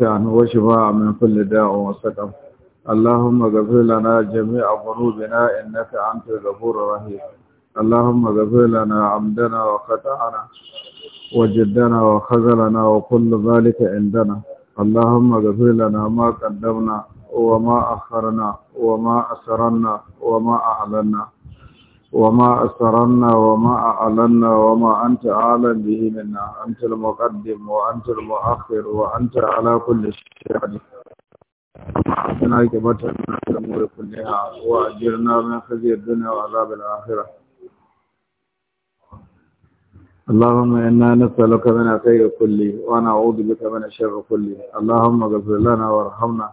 شأن وشفاء من كل داء وسقم اللهم اغفر لنا جميع ذنوبنا انك انت الغفور الرحيم اللهم اغفر لنا عمدنا وخطانا وجدنا وخذلنا وكل ذلك عندنا اللهم اغفر لنا ما قدمنا وما اخرنا وما اسررنا وما اعلنا وما أسرنا وما أعلنا وما أنت أعلم به منا أنت المقدم وأنت المؤخر وأنت على كل شيء قدير ربنا كبتنا في الأمور كلها وأجرنا من خزي الدنيا وعذاب الآخرة اللهم إنا نسألك من خير وأنا ونعوذ بك من الشر كل اللهم اغفر لنا وارحمنا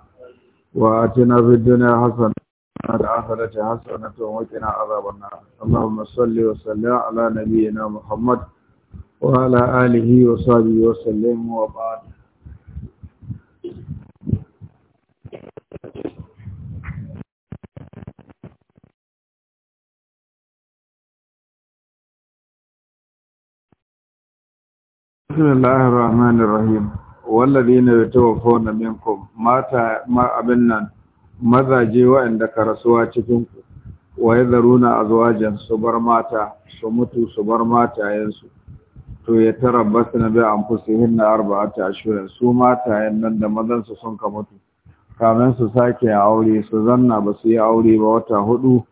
وآتنا في الدنيا حسنة عذاب النار اللهم صل وسلم على نبينا محمد وعلى آله وصحبه وسلم وبعد بسم الله الرحمن الرحيم والذين يتوفون منكم مات ما أبنن mazaje waɗanda ka rasuwa cikin ku wa zuwa Jan su bar mata su mutu su bar matayensu to ya tara basu na bi anfusihin na ta ashhurin su matayen nan da mazan su sun ka mutu kamin su sake a aure su zanna ba su yi aure ba wata hudu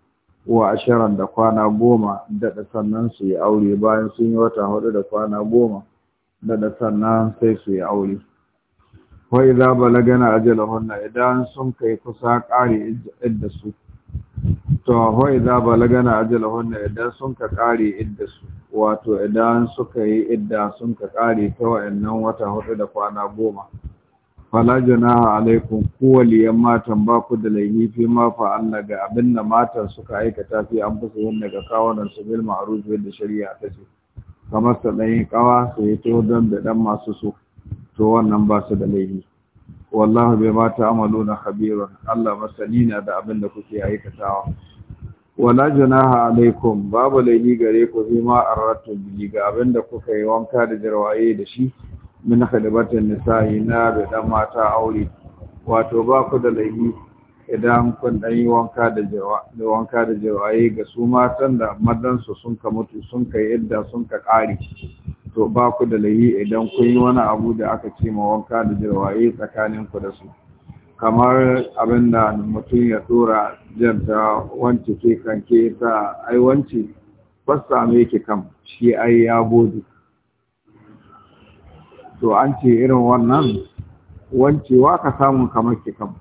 wa ashirin da kwana goma daɗa sannan su yi aure bayan sun yi wata hudu da kwana goma daɗa sannan sai su yi aure wa idza balagana ajalahunna idan sun kai kusa kare idda su to wa idza balagana ajalahunna idan sun ka kare idda su wato idan suka yi idda sun ka kare ta wayannan wata hudu da kwana goma fala junaha alaikum ku waliyan matan ba ku da laifi ma fa Allah ga abin da matan suka aikata fi an fi yin daga kawunan su bil ma'ruf da shari'a ta ce kamar sa dai kawa sai to don da dan masu so to wannan ba su da laifi wallahi bai ma na habiru Allah masani na da abin da kuke aikatawa wala junaha alaikum babu laifi gare ku ma arratu bi ga abin da kuka yi wanka da jarwaye da shi min khadabatin nisa'i na da dan mata aure wato ba ku da laifi idan kun dan yi wanka da jarwa wanka da jarwaye ga su matan da madansu sun ka mutu sun ka yadda sun ka kare to ba ku da lahi idan kun yi wani abu da aka ce ma wanka da jirwaye tsakanin ku da su kamar abin da mutum ya tura janta wance ke kanke ta ai wance fasta me yake kam shi ai ya gode to an ce irin wannan wa ka samun kamar ke kam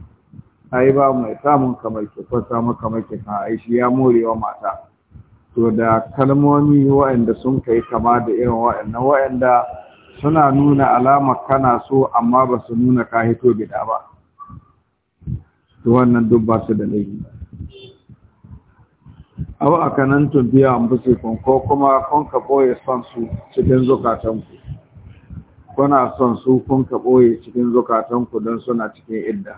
ai ba mai samun kamar ke fasta maka kamar ke kan ai shi ya morewa mata to da kalmomi wa'anda sun kai kama da irin waɗannan waanda suna nuna alama kana so amma ba su nuna ka hito gida ba to wannan duk ba su da laifi aw aka nan biya an buse ko kuma kun ka ɓoye son su cikin zukatanku kuna son su kun ka ɓoye cikin zukatanku don suna cikin idda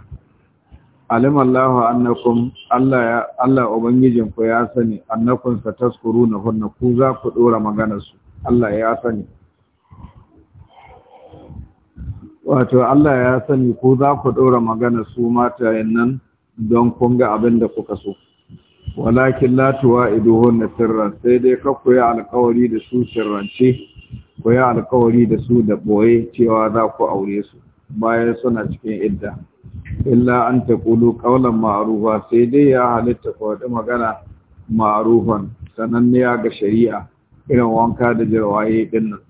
alimallahu annakum Allah ya Allah ubangijin ku ya sani annakum sataskuruna hunna ku za ku dora maganar su Allah ya sani wato Allah ya sani ku za ku dora maganar su mata nan don kun ga abin da kuka so walakin la hunna sirran sai dai ka ku yi alƙawari da su sirrance ku yi alƙawari da su da boye cewa za ku aure su bayan suna cikin idda illa an ta ƙulu ƙaunar maarufa sai dai ya halitta ko da magana sananne sananniya ga shari'a irin wanka da jirwaye din nan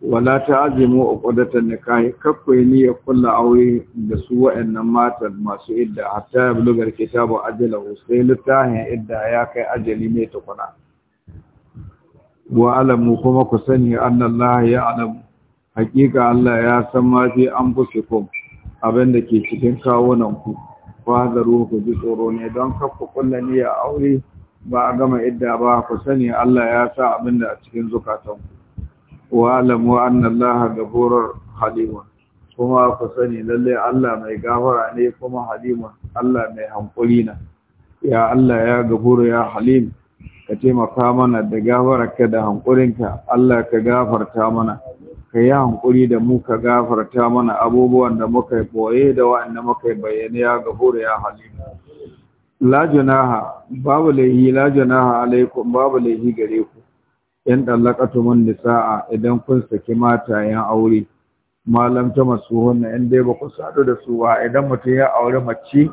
wala da uqdatan nikahi kakwai ni ya kulla aure da su wa'annan matan masu idda hatta ya bulugar kitabu ajalahu sai littafin idda ya kai ajali mai tukuna wa alamu kuma ku sani annallaha ya alamu hakika Allah ya san an fi anfusikum abin da ke cikin kawunan ku ruhu ku ji tsoro ne don kafa kulla a aure ba a gama idda ba ku sani Allah ya sa abin da a cikin zukatan ku wa alamu anna Allah gafurur kuma ku sani lalle Allah mai gafara ne kuma Halima Allah mai hankuri na ya Allah ya gafuru ya halim ka taimaka mana da gafararka da hankurinka Allah ka gafarta mana ka yi hankuri da mu ka gafarta mana abubuwan da muka boye da wa'anda muka bayyana ya gafura ya halimu la junaha babu laihi la junaha alaikum babu laihi gare ku yan dallakatu mun nisaa idan kun saki mata yan aure malam ta masuhunna in dai ba ku sadu da su ba idan mutum ya aure mace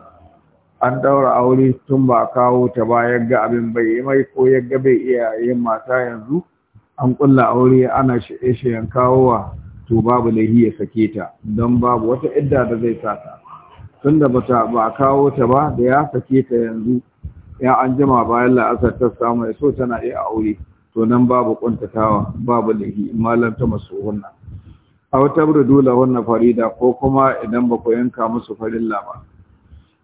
an daura aure tun ba kawo ta ba yagga abin bai mai ko yagga bai iya yin mata yanzu an kulla aure ana shaye-shayen kawowa to babu lahi ya sake ta don babu wata idda da zai sa ta tunda bata ba a kawo ta ba da ya sake ta yanzu ya an jima bayan la'asar ta samu ya so tana iya aure to nan babu kuntatawa babu lahi malam ta masu hunna a wata bura dole wannan farida ko kuma idan ba ku yanka musu farilla ba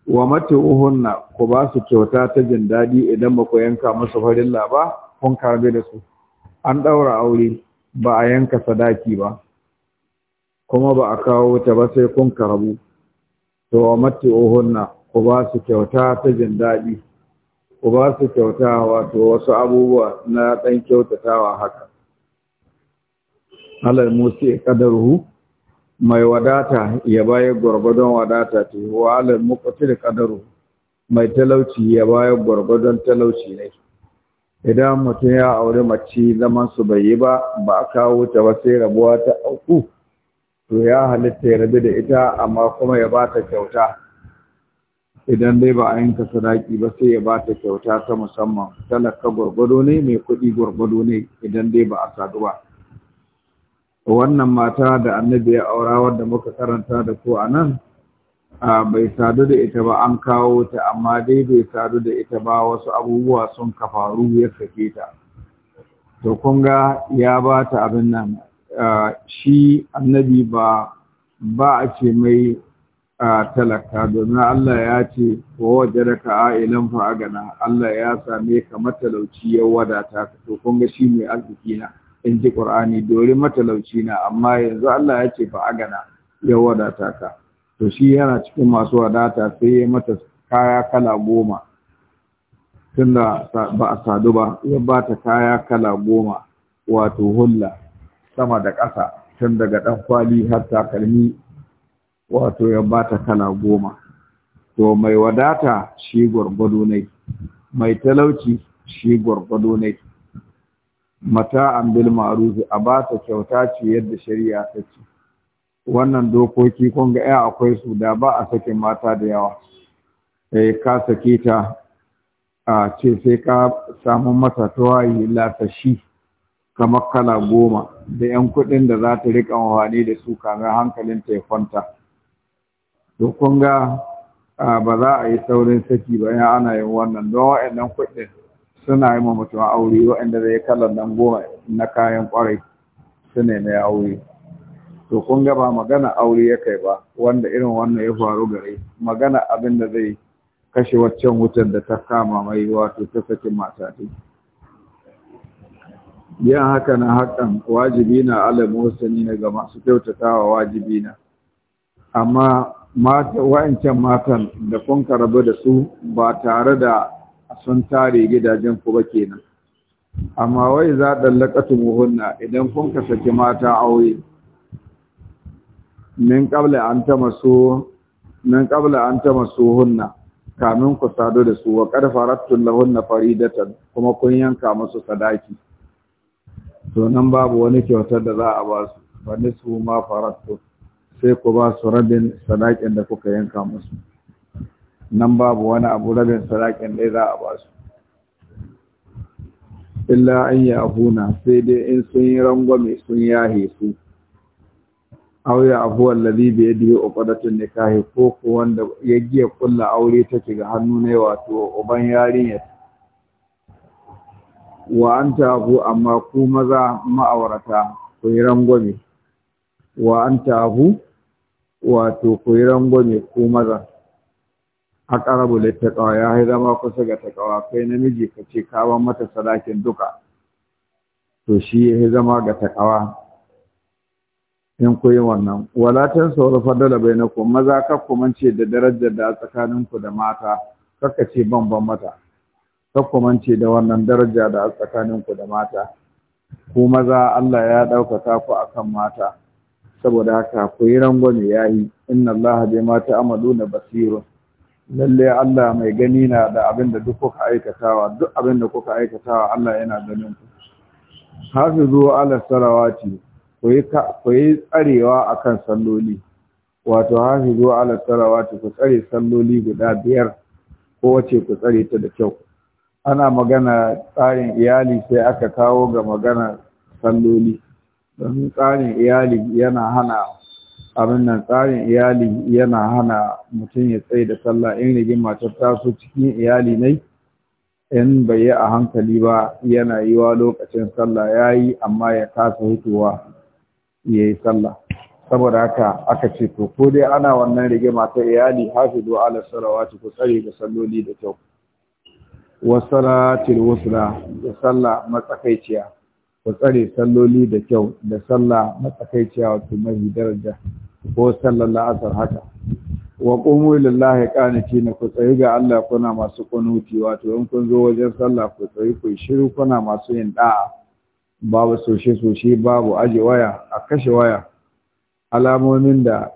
wa mata uhunna ku ba su kyauta ta jin daɗi idan ba ku yanka musu farilla ba kun karbe da su an ɗaura aure ba a yanka sadaki ba kuma ba a kawo wuta ba sai kun karabu to wa matti ohunna ku ba su kyauta ta jin daɗi ku ba su kyauta wato wasu abubuwa na ɗan kyautatawa haka alal musi hu, mai wadata ya bayar gwargwadon wadata ce wa alal ƙadar hu mai talauci ya bayar gwargwadon talauci ne idan mutum ya auri mace zaman su bai yi ba ba a kawo ta ba sai rabuwa ta auku to ya halitta ya rabu da ita amma kuma ya ba ta kyauta idan dai ba a yanka sadaki ba sai ya ba ta kyauta ta musamman talaka gwargwado ne mai kuɗi gwargwado ne idan dai ba a sadu ba wannan mata da annabi ya aura wadda muka karanta da ku a nan bai sadu da ita ba an kawo ta amma dai bai sadu da ita ba wasu abubuwa sun kafaru ya sake ta to ga ya ba ta abin nan shi annabi ba ba a ce mai talaka domin Allah ya ce ko waje ka ailan fa agana Allah ya same ka matalauci ya wadata ka to ga shi mai arziki na in ji Qur'ani dole matalauci na amma yanzu Allah ya ce fa agana ya wadata ka to shi yana cikin masu wadata sai ya mata kaya kala goma tunda ba a sadu ba ya ba ta kaya kala goma wato hulla sama da ƙasa tun daga ɗan kwali har takalmi wato ya ba ta kala goma to mai wadata shi gwargwado ne mai talauci shi gwargwado ne mata an bil a ba ta kyauta ce yadda shari'a ta ce wannan dokoki kun ga ya akwai su da ba a sake mata da yawa eh ka sake ta a ce sai ka samu mata tawayi lasashi kamar kala goma da yan kuɗin da za ta riƙa amfani da su kamar hankalin ta ya kwanta to kun ga ba za a yi saurin saki ba ya ana yin wannan don waɗannan kuɗin suna yi ma mutum aure waɗanda zai kalan nan goma na kayan kwarai su ne na aure to kun ga ba magana aure ya kai ba wanda irin wannan ya faru gare magana abin da zai kashe waccan wutar da ta kama mai wato ta saki mata ta yin haka na hakan wajibi na alamu wasani na ga masu kyautatawa wajibi na amma wa'ancan matan da kun karabu da su ba tare da sun tare gidajen ku ba kenan amma wai za dallakatu muhunna idan kun ka saki mata aure min qabla an tamasu min qabla an hunna kamin ku sadu da su wa qad farattu lahunna faridatan kuma kun yanka musu sadaki to nan babu wani kyautar da za a ba su fa su ma farattu sai ku ba su rabin sadakin da kuka yanka musu nan babu wani abu rabin sadakin da za a ba su illa an yi abuna sai dai in sun yi rangwame sun yahe su aw ya abu ya bi yadihi da nikahi ko ko wanda ya giya kulla aure take ga hannu ne wato uban yarinya wa anta abu amma ku maza ma'aurata ku yi rangwame wa anta abu wato ku yi rangwame ku maza a ƙarabu littattawa ya yi zama kusa ga takawa kai namiji ka ce ka mata sadakin duka to shi ya zama ga takawa in ku yi wannan walatan sauri fadala bai na ku maza ce da darajar da tsakaninku da mata kaka ce banban mata. Ka kuma ce da wannan daraja da tsakaninku da mata ku maza Allah ya ɗaukaka ku akan mata saboda haka ku yi rangwame ya yi inna Allah bai mata amalu na basiru lalle Allah mai gani na da abin da duk kuka aikatawa duk abin da kuka aikatawa Allah yana ganin ku hafizu ala salawati ku yi tsarewa a kan salloli wato hafizu ala ta ku tsare salloli guda biyar ko wace ku tsare ta da kyau ana magana tsarin iyali sai aka kawo ga magana salloli don tsarin iyali yana hana abin nan tsarin iyali yana hana mutum ya tsaye da sallah in rigin matar taso cikin iyali ne in bai yi a hankali ba yana yiwa lokacin sallah ya yi amma ya kasa hutuwa. ya yi sallah saboda haka aka ce to ko dai ana wannan rigima ta iyali hafizu ala salawati ku tsare da salloli da kyau wa salatil wusra da sallah matsakaiciya ku tsare salloli da kyau da sallah matsakaiciya wato mai daraja ko sallar la'asar haka wa qumu lillahi na ku tsayi ga Allah kuna masu kunuti wato in kun zo wajen sallah ku tsayi ku shiru kuna masu yin da'a babu soshe-soshe babu aje waya a kashe waya alamomin da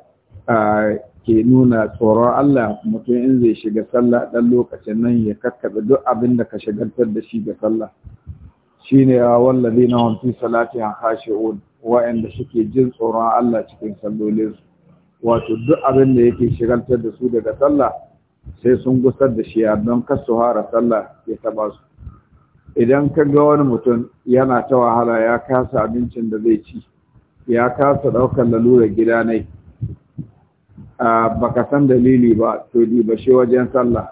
ke nuna tsoron Allah mutum in zai shiga sallah dan lokacin nan ya kakkaɓe duk abin da ka shagaltar da shi ga sallah shi ne a wallazi na fi salati han kashe'un wa'anda suke jin tsoron Allah cikin sallolinsu wato duk abin da yake shigaltar da su daga sallah sai sun gusar da shi a don kar sallah ya taɓa su idan ka ga wani mutum yana ta wahala ya kasa abincin da zai ci ya kasa ɗaukar lalura gida ne baka san dalili ba to ba shi wajen sallah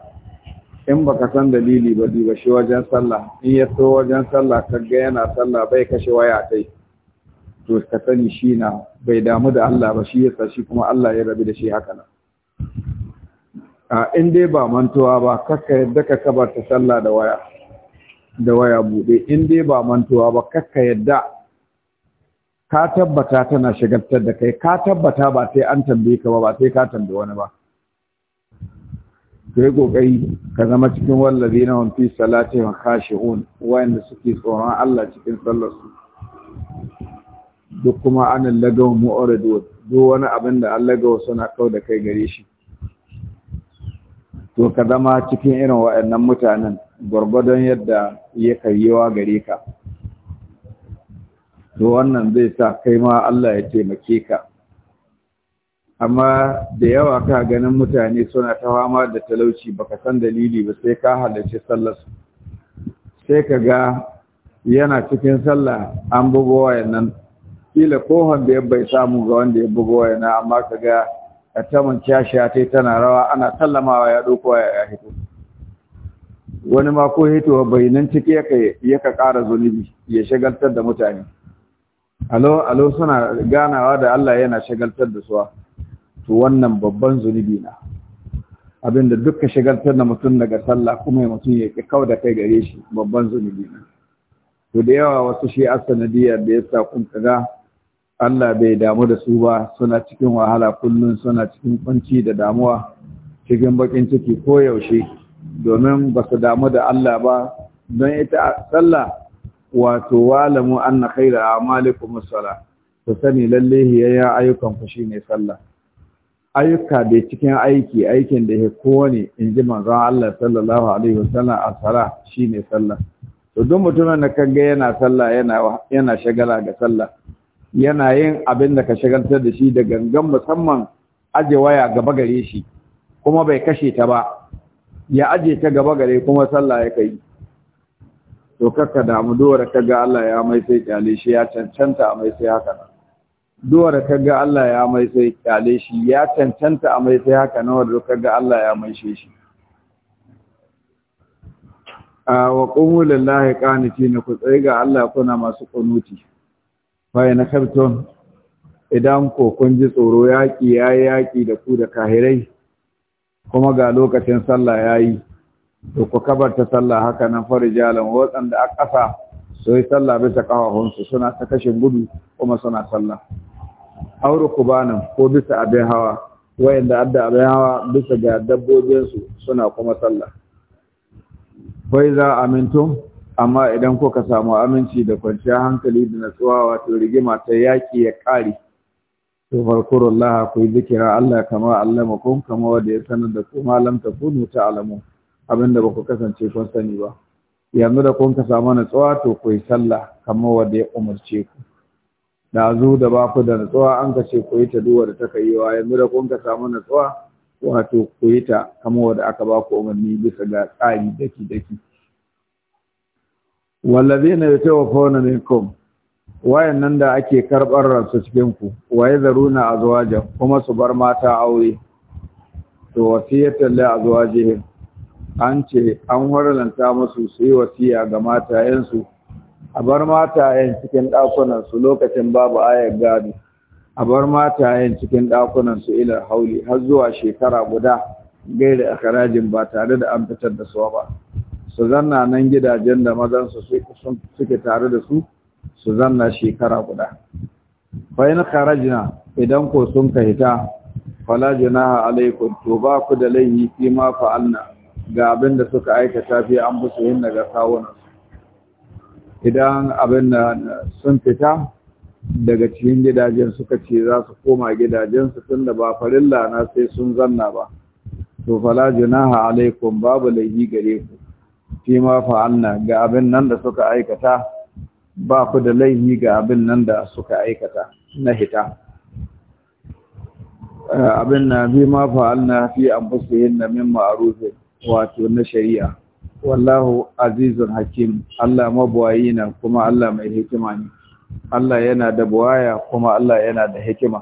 in baka san dalili ba ba shi wajen sallah in ya so wajen sallah ka ga yana sallah bai kashe waya tai to ka sani shi na bai damu da Allah ba shi yasa shi kuma Allah ya rabu da shi haka nan in dai ba mantuwa ba kakka yadda ka kabarta sallah da waya da waya buɗe in dai ba mantuwa ba kakka yadda ka tabbata tana shigartar da kai ka tabbata ba sai an tambaye ka ba ba sai ka tambaye wani ba kai kokari ka zama cikin wallazina wani fi salatihim khashi'un wayanda suke tsoron Allah cikin sallar su duk kuma anan lagaw mu'ridu duk wani abin da Allah ga suna kau da kai gare shi to ka zama cikin irin wa'annan mutanen gwargwadon yadda ya karyewa gare ka to wannan zai sa kai ma Allah ya taimake ka amma da yawa ka ganin mutane suna ta fama da talauci baka san dalili ba sai ka halarci sallar sai ka ga yana cikin sallah an bugo wayannan kila kohon da bai samu ga wanda ya bugo wayannan amma ka ga a manciya shi tana rawa ana sallamawa ya ɗauko ya hito wani ma ko hitowa bayanan ciki yaka ƙara zunubi ya shagaltar da mutane alo alo suna ganawa da Allah yana shagaltar da suwa to wannan babban zunubi na abinda dukka shagaltar da mutum daga sallah kuma ya mutum ya kau da kai gare shi babban zunubi na to da yawa wasu shi asanadiyar da ya sa kun kaga Allah bai damu da su ba suna cikin wahala kullum suna cikin kwanci da damuwa cikin bakin ciki ko yaushe domin ba su damu da Allah ba don ita tsalla wato walamu na kai da amalikun musala su sani lalle hiyayya ayyukan ku ne sallah ayyuka da cikin aiki aikin da ya kowane in ji manzan Allah sallallahu alaihi wasallam tsara shi ne sallah to duk mutumin da kaga yana sallah yana shagala ga sallah yana yin abin da ka shagaltar da shi da gangan musamman aje waya gaba gare shi kuma bai kashe ta ba ya aje ta gaba gare kuma sallah ya kai to kakka damu dora ka ga Allah ya mai sai kyale shi ya cancanta mai sai haka nan dora kaga ga Allah ya mai sai kyale shi ya cancanta mai sai haka nan wanda kaga ga Allah ya mai shi shi a wa qumu lillahi qanitin ku tsaye ga Allah kuna masu kunuti fa na kabton idan ko kun ji tsoro yaki yayi yaki da ku da kahirai kuma ga lokacin sallah yayi to ku kabarta sallah haka nan farijalan waɗanda a ƙasa su yi sallah bisa ƙafafunsu suna ta kashin gudu kuma suna sallah aure kubanan ko bisa abin hawa wayanda adda abin hawa bisa ga dabbobinsu suna kuma sallah bai za amintum amma idan kuka samu aminci da kwanciyar hankali da natsuwa wato rigima ta yaki ya ƙare تذكروا الله في ذكر الله كما علمكم كما ya sanar da ta kunu ta alamu, abinda ba kasance kun sani ba yanzu da kun ka samu natsuwa to ku yi sallah kamar wanda ya umarce ku da zu da ba ku da natsuwa an ka ce ku yi ta duwa da ta kai yawa yanzu da kun ka samu natsuwa wato ku yi ta kamar wanda aka ba ku umarni bisa ga tsari daki daki wallazina yatawaffawna minkum wayannan da ake karɓar ransu cikin ku waye zaruna azwaja kuma su bar mata aure to wasiyatan la azwajihim an ce an warlanta musu su yi wasiya ga matayensu a bar matayen cikin ɗakunan su lokacin babu ayar gado a bar matayen cikin ɗakunan su ilar hauli har zuwa shekara guda gaira karajin ba tare da an fitar da su ba su zanna nan gidajen da mazansu suke tare da su su zanna shekara guda bayan kharajna idan ko sun ka hita fala junaha alaikum to ba ku da laifi fi ma fa'alna ga abin da suka aikata fi an busu yin daga kawunan idan abin da sun fita daga cikin gidajen suka ce za su koma gidajensu tun da ba farilla na sai sun zanna ba to fala junaha alaikum babu laifi gare ku fi ma fa'alna ga abin nan da suka aikata ba ku da laifi ga abin nan da suka aikata na hita eh, abin na bi ma fa'alna fi anfusihim min ma'ruf wato na shari'a wallahu azizun hakim Allah mabwayi na kuma Allah mai hikima ne Allah yana da buwaya kuma Allah yana da hikima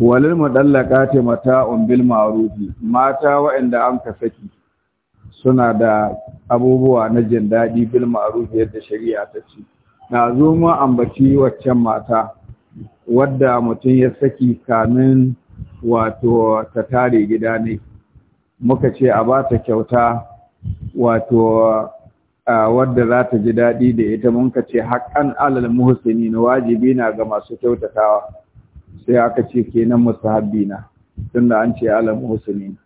walil mudallaqati mata bil ma'arufi, mata wa'anda an ka saki suna da abubuwa na jin daɗi bil ma'ruf yadda shari'a ta ce na zo mu ambaci waccan mata wadda mutum ya saki kamin wato ta tare gida ne muka ce a ba ta kyauta wato wadda za ta ji daɗi da ita mun ka ce haƙƙan alal muhsini na wajibi na ga masu kyautatawa sai aka ce kenan musahabbi na tunda an ce alal muhsini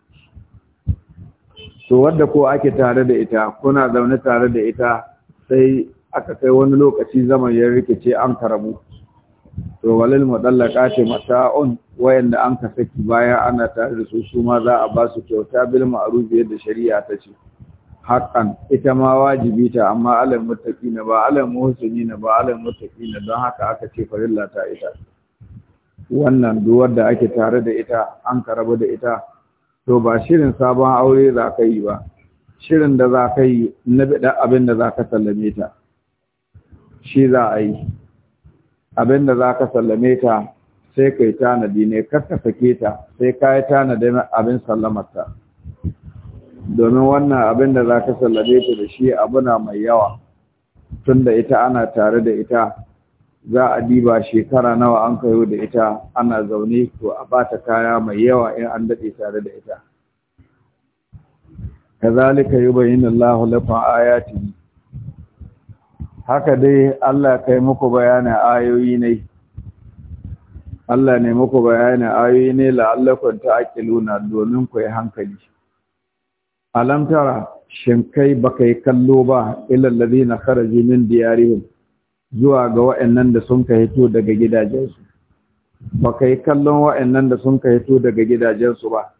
to wadda ko ake tare da ita kuna zaune tare da ita sai aka kai wani lokaci zaman ya rikice an karamu to walil mudallaka ce mata'un wayanda an ka saki baya ana tare da su su ma za a ba su kyauta bil ma'ruf yadda shari'a ta ce haƙan ita ma wajibi ta amma alal muttaqina ba alal na ba alal na don haka aka ce farilla ta ita wannan duwar da ake tare da ita an karabu da ita to ba shirin sabon aure za ka yi ba shirin da za ka yi na bida abin da za ka sallame ta shi za a yi abin da za ka sallame ta sai ka yi tanadi ne kar ka sake ta sai ka yi na abin sallamarta domin wannan abin da za ka sallame ta da shi abuna mai yawa tun da ita ana tare da ita za a diba shekara nawa an kayo da ita ana zaune to a bata kaya mai yawa in an daɗe tare da ita kazalika yubayyinu Allahu lakum ayati haka dai Allah kai muku bayanin ayoyi ne Allah ne muku bayanin ayoyi ne la'allakum ta'qiluna domin ku yi hankali alam tara shin kai baka yi kallo ba ilal na kharaju min diyarihim zuwa ga wa'annan da sun ka hito daga gidajensu ba ka yi kallon wa'annan da sun ka hito daga gidajensu ba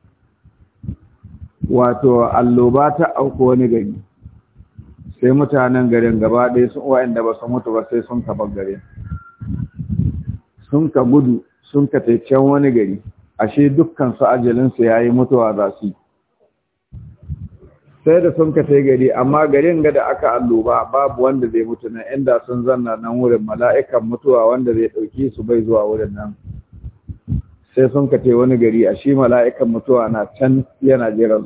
wato alloba ta auku wani gari sai mutanen garin gaba ɗaya sun wa'anda ba su mutu ba sai sun ka gare sun ka gudu sun ka taicen wani gari ashe dukkan su ajalinsu ya yi mutuwa za su yi sai da sun kace gari amma garin ga da aka alluba babu wanda zai mutu nan inda sun zanna nan wurin mala'ikan mutuwa wanda zai dauki su bai zuwa wurin nan sai sun kace wani gari a shi mala'ikan mutuwa na can yana jiran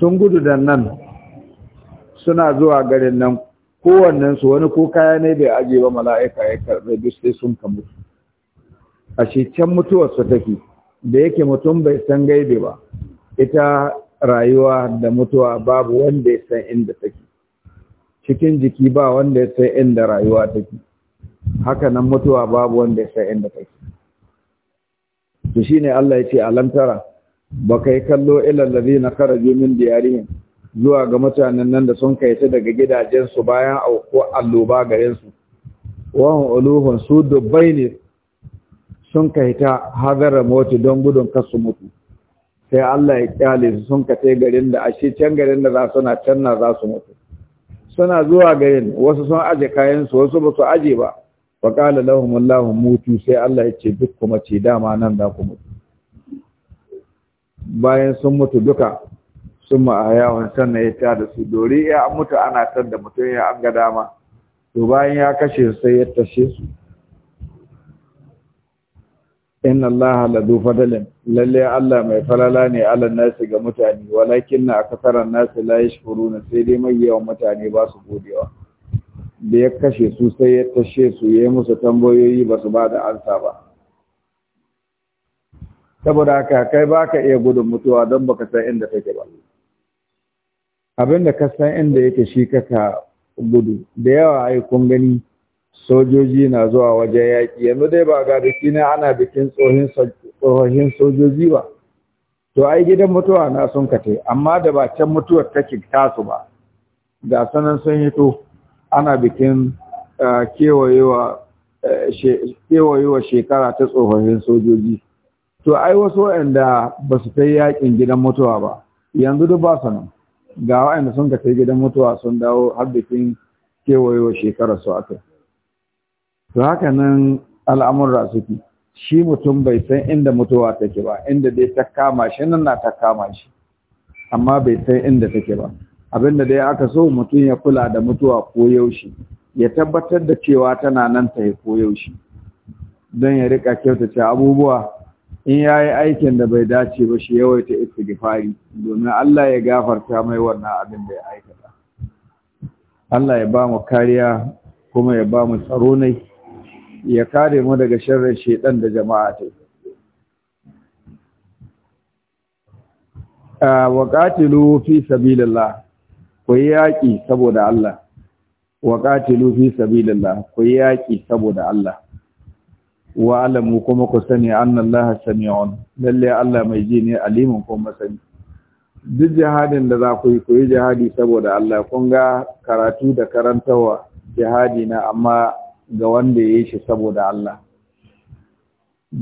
sun gudu da nan suna zuwa garin nan kowannen su wani ko kaya ne bai aje ba mala'ika ya karbe duk sai sun ka mutu a shi can mutuwar su take da yake mutum bai san gaibe ba ita rayuwa da mutuwa babu wanda ya san inda take cikin jiki ba wanda ya san inda rayuwa take haka nan mutuwa babu wanda ya san inda take to shine Allah ya ce alam tara baka yi kallo ilal ladina kharaju min diyarihim zuwa ga mutanen nan da sun kai ta daga gidajensu bayan auku alloba garensu wahan uluhun su dubbai ne sun kai ta hadara mota don gudun kasu mutu sai Allah ya kyale su sun kace garin da ashe can garin da za su na can na za su mutu suna zuwa garin wasu sun aje kayan su wasu ba su aje ba wa qala lahum Allahu mutu sai Allah ya ce duk kuma ce dama nan da ku mutu bayan sun mutu duka sun ma'ayawan ne ya ta da su dori ya mutu ana tar da mutum ya an ga dama to bayan ya kashe su sai ya tashe su inna ladu fadalin lalle allah mai falala ne ala nasi ga mutane walakin na akasaran nasi la na, sai dai mai yawan mutane ba su godewa da ya kashe su sai ya tashe su ya yi musu tambayoyi ba su ba da ansa ba saboda haka kai baka iya gudun mutuwa don baka san inda take ba abinda ka san inda yake shi kaka gudu da yawa ai kun gani sojoji na zuwa wajen yaƙi yanzu dai ba ga biki ne ana bikin tsohin sojoji ba to ai gidan mutuwa na sun kate amma da ba can mutuwar take tasu ba ga sanan sun hito ana bikin kewayewa shekara ta tsofaffin sojoji to ai wasu waɗanda ba su kai yaƙin gidan mutuwa ba yanzu duk ba su nan ga wa'anda sun ka gidan mutuwa sun dawo har bikin kewayewa shekarar su aka to haka nan al'amurra suke shi mutum bai san inda mutuwa take ba inda dai ta kama shi nan na ta kama shi amma bai san inda take ba abinda dai aka so mutum ya kula da mutuwa ko yaushe ya tabbatar da cewa tana nan ta ko yaushe don ya rika kyautace abubuwa in ya yi aikin da bai dace ba shi yawaita istighfari domin Allah ya gafarta mai wannan abin da ya aikata Allah ya ba mu kariya kuma ya ba mu tsaro ya kare mu daga sharrin shedan da jama'a ta a waqatilu fi sabilillah ku yaki saboda Allah waqatilu fi sabilillah ku yaki saboda Allah wa alamu kuma ku sani annallaha on, lalle Allah mai ji ne alimin kuma sani duk jihadin da za ku yi ku yi jihadi saboda Allah kun ga karatu da karantawa jihadi na amma ga wanda ya yi shi saboda Allah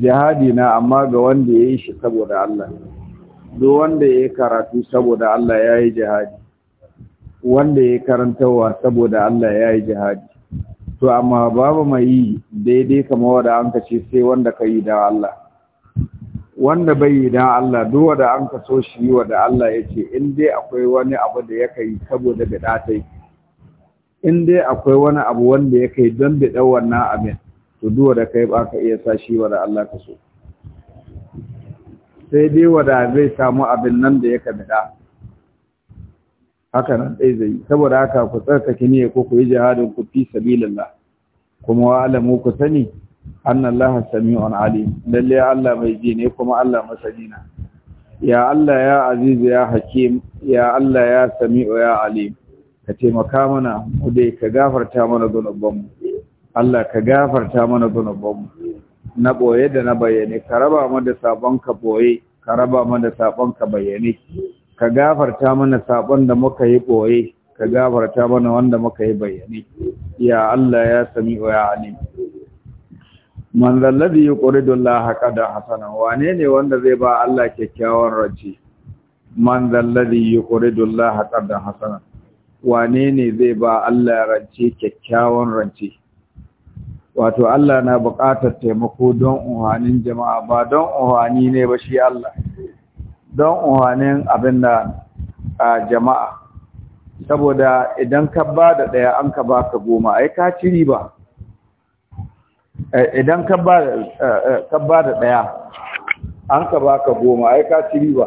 jihadi na amma ga wanda ya yi shi saboda Allah duk wanda ya yi karatu saboda Allah ya yi jihadi wanda ya yi karantarwa saboda Allah ya yi jihadi to amma babu mai yi daidai kama wada an ce sai wanda ka yi da Allah wanda bai yi da Allah duk an ka so shi yi wa da Allah ya ce in dai akwai wani abu da ya yi saboda ta yi. in dai akwai wani abu wanda ya kai don bi ɗau wannan abin to duwa da kai ba ka iya sashi wa da Allah ka so sai dai wada zai samu abin nan da ya kamida haka nan ɗai zai saboda haka ku tsarkake ne ko ku yi jihadin ku fi sabilillah kuma wa alamu ku sani Allah sami'un alim lalle Allah mai ji ne kuma Allah masani ya Allah ya azizu ya hakim ya Allah ya sami'u ya alim ka taimaka mana mu dai ka gafarta mana zunubanmu Allah ka gafarta mana zunubanmu na boye da na bayyane ka raba mu da sabon ka boye ka raba mu da sabon ka bayyane ka gafarta mana sabon da muka yi boye ka gafarta mana wanda muka yi bayyane ya Allah ya sami wa ya alim man zalladhi yuqridu Allah qada hasana wane ne wanda zai ba Allah kyakkyawan rance man zalladhi yuqridu Allah qada hasana wane ne zai ba Allah rance kyakkyawan rance wato Allah na buƙatar taimako don uhanin jama'a ba don uhani ne ba shi Allah don uhanin abin da a jama'a saboda idan ka ba da ɗaya an ka ba ka goma ai ka ci riba eh, idan eh, eh, ka ba da ɗaya an ka ba ka goma ai ka ci riba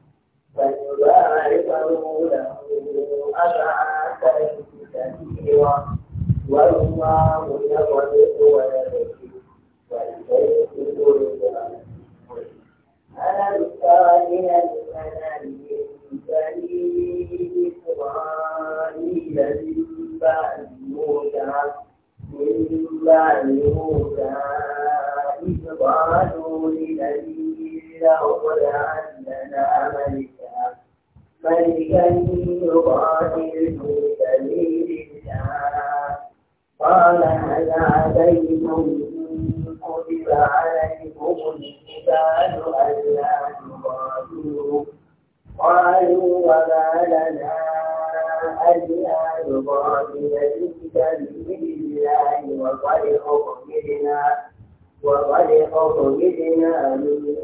فيباركه له أبعاثا كثيرا والله يغلق ويبكي وإليه ترجع ألم تر إلى المنام بني إسرائيل من موسى من بعد موسى إذ قالوا لنبي لأول أننا ملكا ملكا يقاتل في سبيل الله قال هل عليكم إن كتب عليكم القتال ألا تقاتلوا قالوا وما لنا ألا نقاتل في سبيل الله وقد أخبرنا وخلق زوجنا من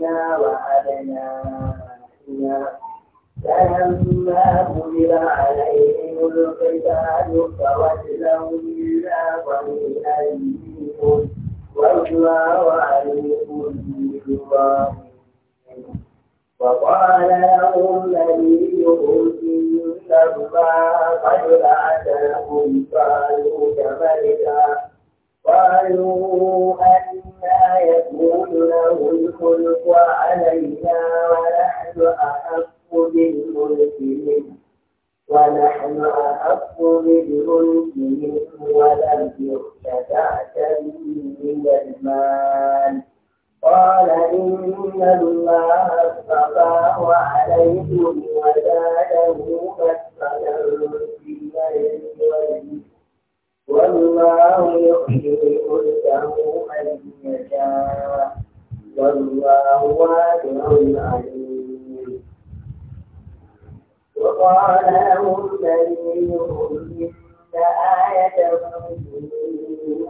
وعدنا وأبنائنا فلما قدر عليهم القتال فولوا إلا قليلا منهم والله عليم بالظالمين وقال لهم نبيهم إن الله قد بعث لكم طالوت ملكا قالوا أنا يكون له الملك علينا ونحن أحق بالملك ولم يؤت بعثا من المال قال إن الله اصطفاه عليكم وزاده بسطا في الأرض والجسم والله يحيي ملكه من يشاء والله واسع عليم وقال لهم نبيهم إن آية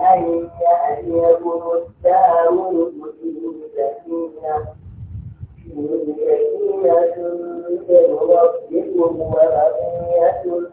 أن يأتيكم التاويل سكينة في سكينة من ربكم وبقية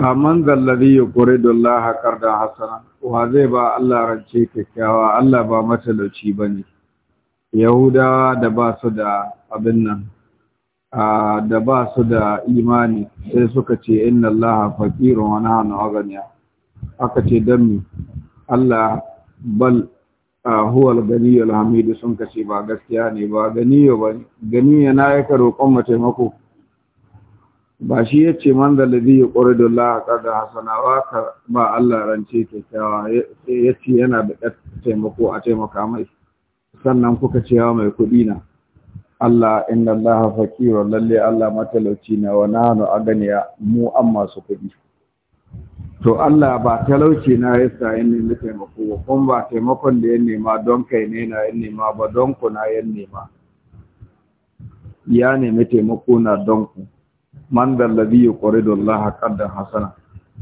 man zalladi ya kore dalla haƙar da hasana wa zai ba Allah rance kyakkyawa Allah ba matalauci bane yahuda yahudawa da ba su da abin nan da ba su da imani sai suka ce inna Allah faƙirin wani hannu aganiya aka ce don mi Allah bal huwal ganiyar hamidu sun kace ba gaskiya ne ba ganiyo ba ganiyo na ya karo kwan taimako bashi yecce man da alladi yuqridu llaha qarda hasana waka ma allah rance kyakkyawa yecci yana da ƙar taimako a taimaka mai sannan kuka cewa mai kuɗi na allah inna llaha fakiro lalle allah matalauci na wa nanu a ganiya mu an masu kuɗi to allah ba talauci na ya sa yan nemi taimako ba kuma ba taimakon da yan nema don kai ne na yan nema ba don ku na yan nema ya nemi taimako na don ku man dallabi ya ƙwari da Allah haƙaddar hasana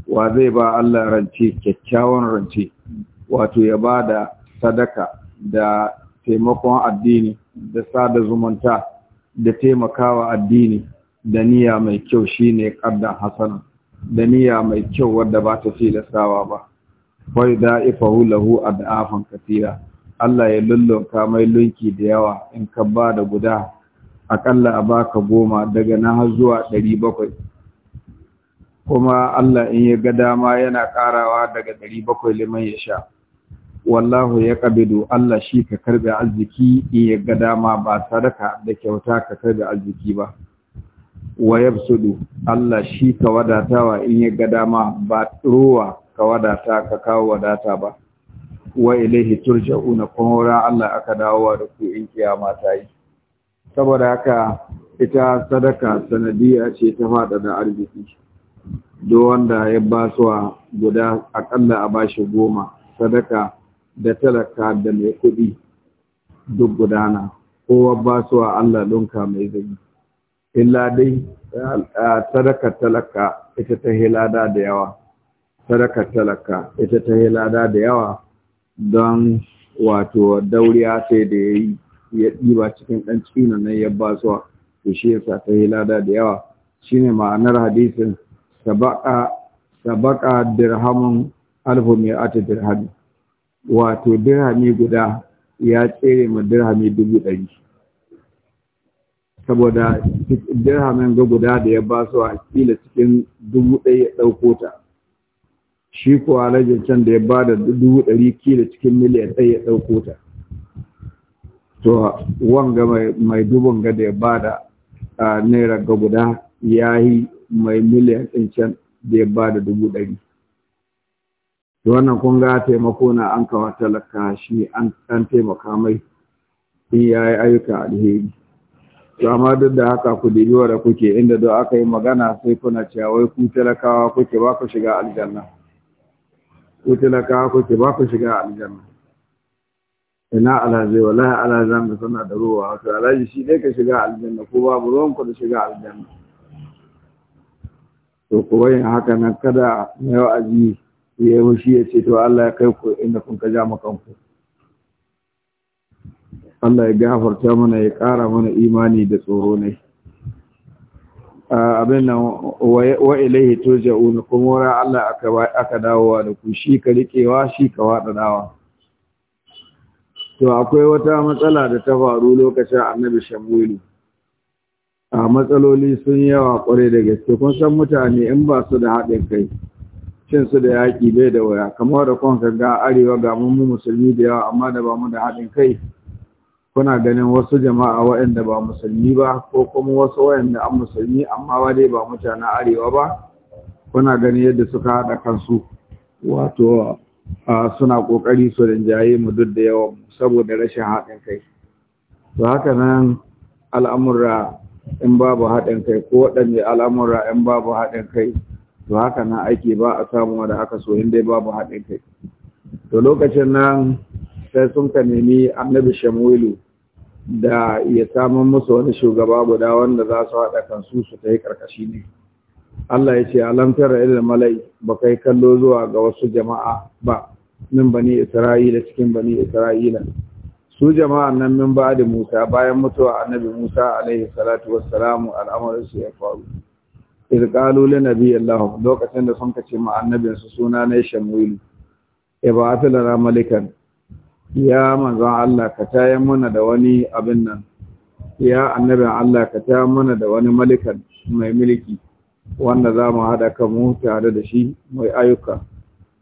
wa zai ba Allah rance kyakkyawan rance wato ya ba da sadaka da taimakon addini da sada zumunta da taimakawa addini da niyya mai kyau shi ne ƙaddan hasana da niyya mai kyau wadda ba ta sawa ba wai da ifahu lahu ad'afan katira Allah ya lullunka mai lunki da yawa in ka ba da guda aƙalla a baka goma daga nan har zuwa ɗari bakwai kuma Allah in ya ga dama yana ƙarawa daga ɗari bakwai liman ya sha wallahu ya ƙabido Allah shi ka karɓi arziki in ya ga dama ba sadaka da kyauta ka karɓi arziki ba wa yabsudu Allah shi ka wadatawa in ya ga dama ba ruwa ka wadata ka kawo wadata ba wa ilaihi turja'una kuma wurin Allah aka dawowa da ku in kiyama ta yi saboda haka ita sadaka sanadiyya ce ta fada da arziki duk wanda ya basuwa guda akalla a bashi goma sadaka da talaka da mai kuɗi duk gudana kowa basuwa Allah dunka mai zai illa dai sadaka talaka ita ta hilada da yawa sadaka talaka ita ta hilada da yawa don wato dauriya sai da ya yi. ya ɗiba cikin ɗan na nan ya ba su to shi ya sa lada da yawa shine ma'anar hadisin sabaka sabaka dirhamun alfu mai ata dirhami wato dirhami guda ya tsere ma dirhami dubu ɗari saboda dirhamin ga guda da ya ba su a kila cikin dubu ɗaya ya ɗauko ta shi kuwa rajin can da ya ba da dubu ɗari kila cikin miliyan ɗaya ya ɗauko ta to wanga mai dubun gada ya bada naira ga guda ya yi mai miliyan ɗin can da ya bada dubu ɗari to wannan kun ga taimako na an kawo talaka shi an taimaka mai in ya yi ayyuka alheri to amma duk da haka ku wa da kuke inda da aka yi magana sai kuna cewa ku talakawa kuke ba ku shiga aljanna ku talakawa kuke ba ku shiga aljanna ina Alhaji wallahi Alhaji da suna da ruwa wato alhaji shi dai ka shiga aljanna ko babu ruwan ku da shiga aljanna to ko wai haka nan kada mai wa'azi ya yi mushi ya ce to Allah ya kai ku inda kun ka ja makanku Allah ya gafarta mana ya kara mana imani da tsoro ne abin nan wa ilaihi turja'un kuma wara Allah aka dawowa da ku shi ka riƙewa shi ka wada dawa to akwai wata matsala da ta faru lokacin annabi shamuilu a matsaloli sun yawa kware da gaske kun san mutane in ba su da haɗin kai cin su da yaƙi bai da waya kamar da kun ga arewa ga mu musulmi da yawa amma da ba mu da haɗin kai kuna ganin wasu jama'a waɗanda ba musulmi ba ko kuma wasu waɗanda an musulmi amma ba dai ba mutanen arewa ba kuna ganin yadda suka haɗa kansu wato suna ƙoƙari su rinjaye mu duk da yawan saboda rashin haɗin kai to haka nan al'amura in babu haɗin kai ko waɗanne al'amura in babu haɗin kai to haka nan ake ba a samu wanda aka so in dai babu haɗin kai to lokacin nan sai sun ka nemi annabi shamuilu da ya samun musu wani shugaba guda wanda za su haɗa kansu su ta yi ƙarƙashi ne Allah ya ce alam tara ilal malai ba kai kallo zuwa ga wasu jama'a ba min bani isra'ila cikin bani isra'ila su jama'a nan min ba da Musa bayan mutuwa annabi Musa alaihi salatu wassalamu al'amarin su ya faru irqalu li lahu. lokacin da sun kace ma annabin su suna ne Shamuil ibaath lana malikan ya manzon Allah ka tayan mana da wani abin nan ya annabin Allah ka tayan mana da wani malikan mai mulki wanda za mu haɗa kanmu tare da shi mai ayyuka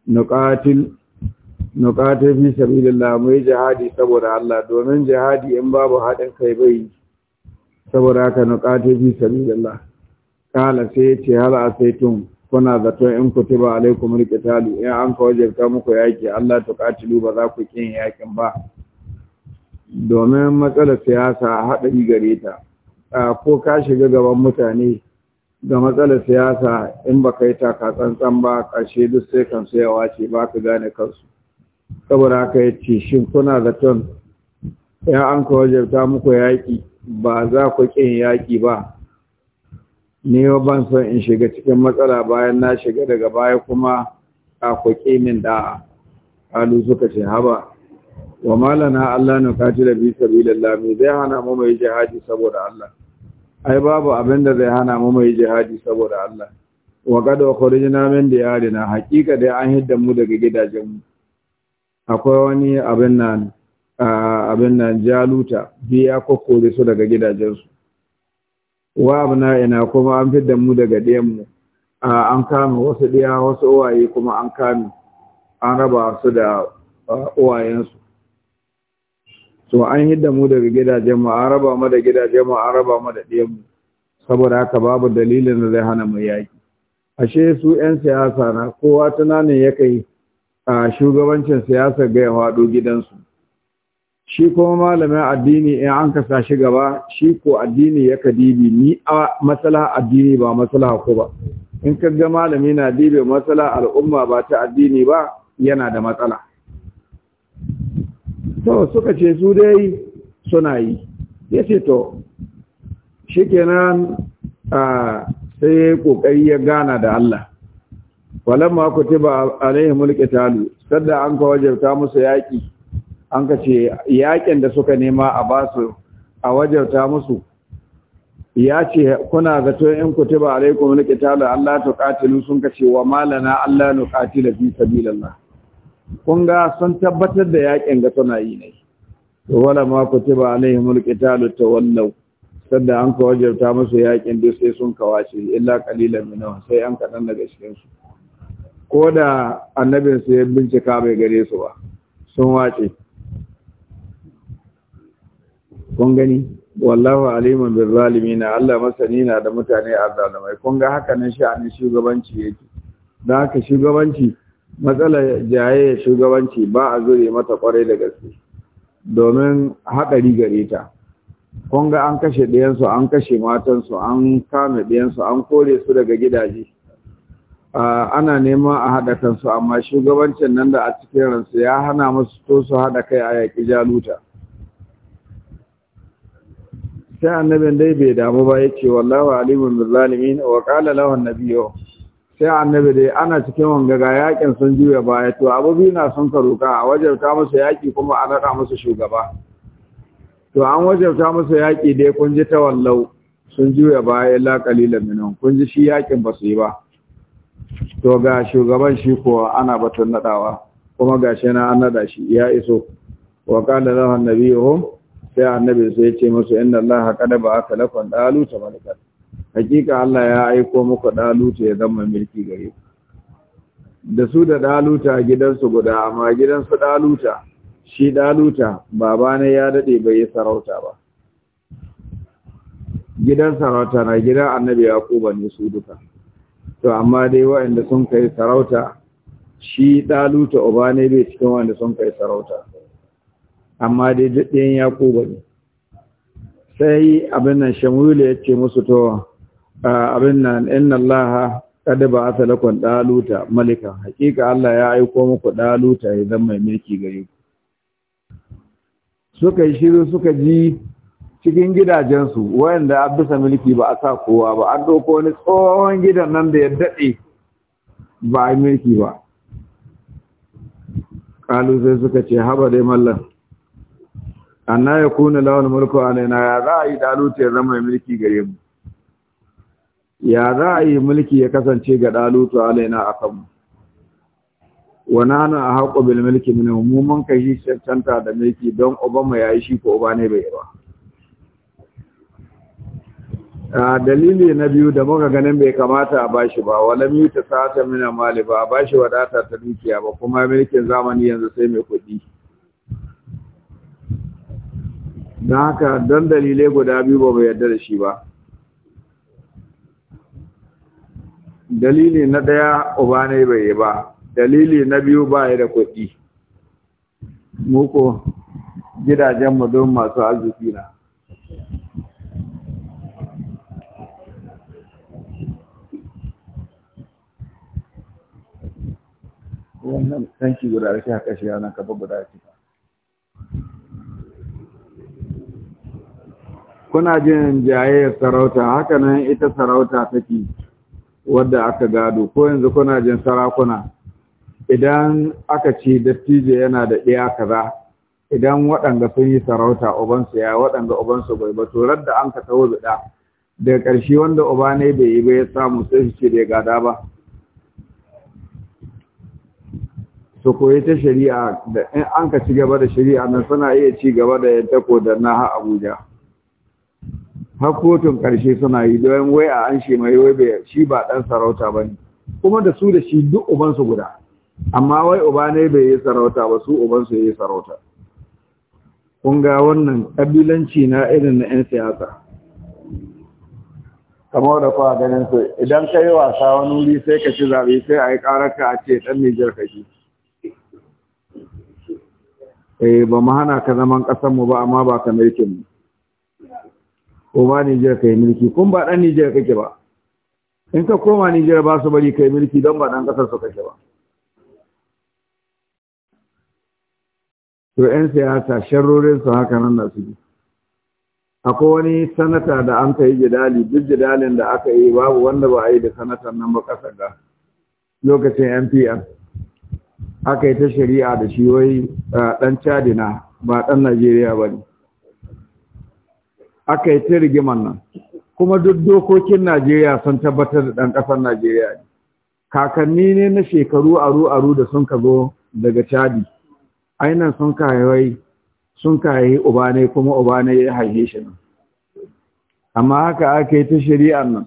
Nukatun nuqatil fi sabilillah mai jihadi saboda Allah domin jihadi in babu haɗin kai bai saboda haka nuqatil fi sabilillah kala sai ce sai tun kuna zaton in kutiba alaikum rikitalu in an ka wajabta muku yaki Allah tuqatilu ba za ku kin yakin ba domin matsalar siyasa haɗari gare ta ko ka shiga gaban mutane Da matsalar siyasa in ba ka yi taka tsantsan ba ƙarshe duk sai kansu yawa ce, ba ka gane kansu saboda haka ya ce shin kuna ton. ya an ka wajabta muku yaƙi ba za ku ƙin yaƙi ba ni ban son in shiga cikin matsala bayan na shiga daga baya kuma a ku min da Halu suka ce haba wa malana Allah na kaci da bi sabilillah me zai hana mu mai jihadi saboda Allah ai babu abin da zai hana mu mai jihadi saboda Allah wa qad ukhrijna min diyarina haqiqa dai an hidda mu daga gidajen mu akwai wani abin nan abin nan jaluta biya kokkore su daga gidajen su wa abna ina kuma an fidda mu daga ɗayan mu an kama wasu diya wasu uwaye kuma an kama. an raba su da uwayensu To an hidda mu daga gidajen mu an raba mu da gidajen mu an raba mu da ɗiyan mu saboda haka babu dalilin da zai hana mu yaƙi. ashe su yan siyasa na kowa tunanin ya kai a shugabancin siyasa ga ya faɗo gidansu shi kuma malamin addini in an sa shi gaba shi ko addini ya ka dibi ni a matsala addini ba matsala ko ba in ka ga malami na dibe matsala al'umma ba ta addini ba yana da matsala to suka ce su dai suna yi ya ce to shi kenan sai kokari ya gana da Allah walamma kutiba mulki talu sadda an ka wajarta musu yaki an ka ce yakin da suka nema a basu a wajarta musu ya ce kuna zato in ku kutiba mulki qitalu Allah tuqatilu sun ka ce wa malana Allah nuqatila fi sabilillah kun ga sun tabbatar da yakin ga suna yi ne to wala ma kutiba alaihimul qitalu tawallaw sanda an ka wajabta musu yakin duk sai sun kawace illa qalilan minhum sai an kadan daga cikin su ko da annabin su ya bincika bai gare su ba sun wace kun gani wallahu aliman bil zalimin Allah masani na da mutane azzalumai kun ga haka nan sha'anin shugabanci yake da haka shugabanci matsalar jaye shugabanci ba a zure mata kwarai da gaske domin haɗari gare ta kun ga an kashe ɗayansu an kashe matansu an kame ɗayansu an kore su daga gidaje ana nema a haɗa kansu amma shugabancin nan da a cikin ransu ya hana masu to su haɗa kai a yaƙi jaluta sai annabin dai bai damu ba ya ce wallahu alimun zalimin wa ƙala lawan nabiyo sai annabi dai ana cikin wangaga yakin sun juya baya to abu na sun karuka a wajabta musu yaki kuma a naɗa musu shugaba to an wajarta musu yaki dai kun ji ta wallau sun juya baya illa qalilan minhum kun ji shi yakin ba su yi ba to ga shugaban shi ko ana batun nadawa kuma gashi na an nada shi ya iso wa qala lahu annabiyuhum sai annabi sai ya ce musu inna allaha qad ba'atha lakum dalu ta hakika Allah ya aiko muku ɗaluta ya zama mulki gare ku da su da daluta gidansu guda amma gidansu daluta shi daluta baba ne ya daɗe bai yi sarauta ba gidan sarauta na gidan annabi yaquba ne su duka to amma dai waɗanda sun kai sarauta shi daluta uba ne bai cikin waɗanda sun kai sarauta amma dai duk ɗayan yaquba ne sai abin nan shamulu ya ce musu towa abin nan inna allaha ba ba'atha lakum daluta Malika hakika Allah ya aiko muku daluta ya mai miki gare ku suka yi shiru suka ji cikin gidajensu wayanda a bisa mulki ba a sa kowa ba an doko wani tsohon gidan nan da ya daɗe ba a mulki ba kalu sai suka ce haba dai mallan anna ya kuna lawan mulku alaina ya za a yi daluta ya zama mai mulki gare mu ya za a yi mulki ya kasance ga ɗalutu alaina a kanmu wani a haƙo bil mulki ne mu mun kai shi da mulki don obama ya yi shi ko oba ne bai ba a dalili na biyu da muka ganin bai kamata a bashi ba wala mi ta sata mina mali ba a bashi wadata ta dukiya ba kuma mulkin zamani yanzu sai mai kuɗi don haka don dalilai guda biyu ba bai yarda da shi ba dalili na daya uba ne bai yi ba dalili na biyu ba ya da kuɗi muku gidajenmu don masu arziki na wannan tanki guda da a kashe yana kafa guda ce kuna jin jayayyar sarauta hakanan ita sarauta take wadda aka gado ko yanzu kuna jin sarakuna idan aka ci dattijo yana da ɗaya kaza idan waɗanda sun yi sarauta ubansu ya waɗanda ubansu bai ba to radda an ka tawo zuɗa daga ƙarshe wanda uba ne bai yi ba ya samu sai su ce bai gada ba su koyi ta shari'a da in an ka ci gaba da shari'a nan suna iya ci gaba da yadda ko da na ha abuja har kotun ƙarshe suna yi don wai a an mai wai shi ba ɗan sarauta ba ne kuma da su da shi duk ubansu guda amma wai uba ne bai yi sarauta ba su ubansu ya yi sarauta kun ga wannan ƙabilanci na irin na 'yan siyasa kamar da kuwa ganin su idan ka yi wasa wani wuri sai ka ci zaɓe sai a yi ƙararka a ce ɗan nijar ka shi eh, ba mu hana ka zaman ƙasanmu ba amma ba ka mulkin koma Nijar ka yi mulki kun ba ɗan Nijar kake ba in ka koma Nijar ba su bari ka yi mulki don ba ɗan ƙasar su kake ba to 'yan siyasa sharrorin su haka nan na su akwai wani sanata da an ka yi jidali duk jidalin da aka yi babu wanda ba a yi da sanatan nan ba ƙasar da lokacin NPR aka yi ta shari'a da shi wai ɗan cadina ba ɗan Najeriya ba ne aka yi ta rigiman nan kuma duk dokokin Najeriya sun tabbatar da ɗan ƙasar Najeriya ne kakanni ne na shekaru aru aru da sun ka zo daga Chadi ainihin sun kayawai sun uba ne kuma uba ne ya haife shi nan amma haka aka yi ta shari'ar nan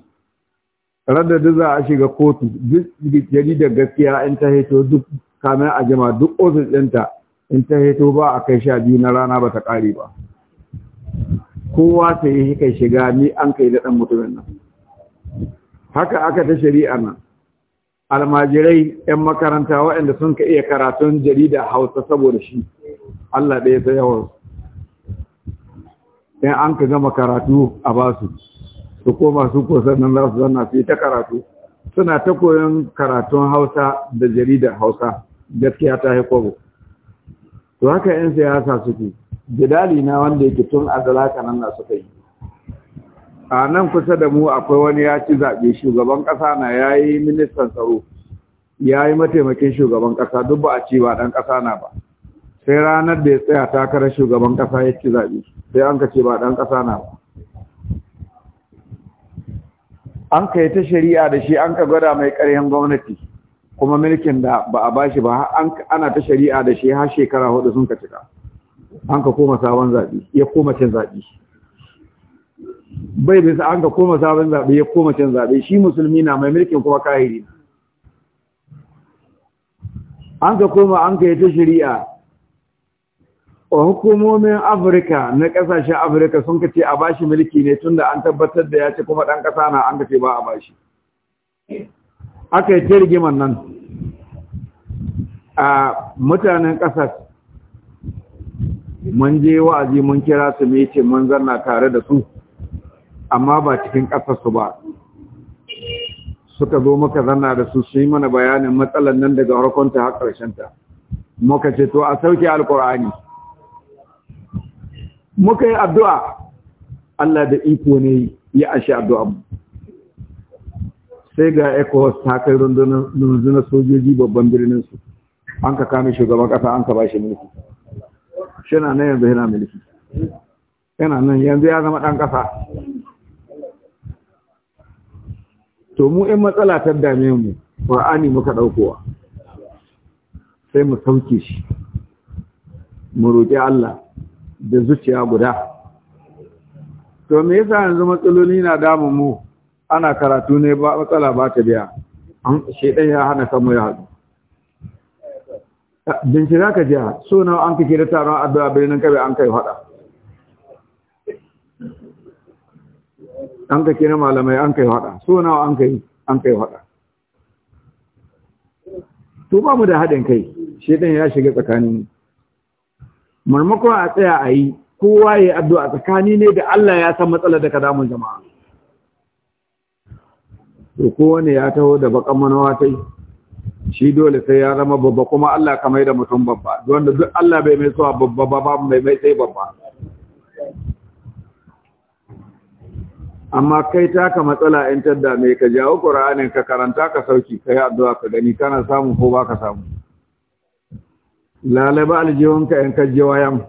radda za a shiga kotu duk jaridar gaskiya in ta hito duk kamin a jima duk ofis ɗinta in ta haito ba a kai sha biyu na rana ba ta ƙare ba kowa sai yi kai shiga ni an kai da ɗan mutumin nan haka aka ta shari'a nan almajirai 'yan makaranta waɗanda sun ka iya karatun jarida hausa saboda shi Allah ɗaya ta yawon in an ka gama karatu a basu su koma su ko sannan za su zanna su ta karatu suna ta koyon karatun hausa da jaridar hausa gaskiya ta haikobo to haka 'yan siyasa suke jidali na wanda yake tun azala kanan na suka yi a nan kusa da mu akwai wani ya ci zaɓe shugaban ƙasa na ya yi ministan tsaro ya yi mataimakin shugaban ƙasa duk ba a ci ba ɗan ƙasa na ba sai ranar da ya tsaya takarar shugaban ƙasa ya ci zaɓe sai an ka ce ba ɗan ƙasa na ba an ka yi ta shari'a da shi an ka gwada mai ƙaryan gwamnati kuma mulkin da ba a bashi ba ana ta shari'a da shi har shekara hudu sun ka cika an ka koma sabon zaɓe ya koma cin zaɓe bai bisa an ka koma sabon zaɓe ya koma cin zaɓe shi musulmi na mai mulkin kuma kahiri an ka koma an ka yi ta shari'a a hukumomin afirka na ƙasashen afirka sun kace a bashi mulki ne tunda an tabbatar da ya ce kuma ɗan ƙasa na an ce ba a bashi aka yi ta nan a mutanen ƙasar mun je wa'azi mun kira su me ce mun zanna tare da su amma ba cikin ƙasarsu ba suka zo muka zanna da su su yi mana bayanin matsalar nan daga harkonta har ƙarshenta muka ce to a sauke alƙur'ani muka yi addu'a Allah da iko ne ya ashe addu'a mu sai ga ECOWAS ta kai rundunar sojoji babban birnin su, an ka kame shugaban ƙasa an ka ba shi mulki Yana nan yanzu yana mulki yana nan yanzu ya zama ɗan ƙasa to mu in matsala ta dame mu ƙwa'ani muka ɗaukowa sai mu sauke shi mu roƙi Allah da zuciya guda to me yasa yanzu matsaloli na damu mu ana karatu ne ba matsala ba ta biya an shedan ya hana kanmu ya haɗu bincika ka jiya so nawa an kake da taron addu'a birnin kabe an kai hada an kake na malamai an kai hada so nawa an kai an kai hada to ba mu da haɗin kai shedan ya shiga tsakanin marmakon a tsaya a yi kowa ya addu'a tsakani ne da Allah ya san matsalar da ka damun jama'a to kowane ya taho da baƙan manawa yi. shi dole sai ya zama babba kuma Allah ka mai da mutum babba wanda duk Allah bai mai suwa babba ba mai mai sai babba amma kai taka matsala in tadda mai ka jawo Qur'anin ka karanta ka sauki kai addu'a ka gani kana samu ko ba ka samu lalaba aljihun ka in ka wayan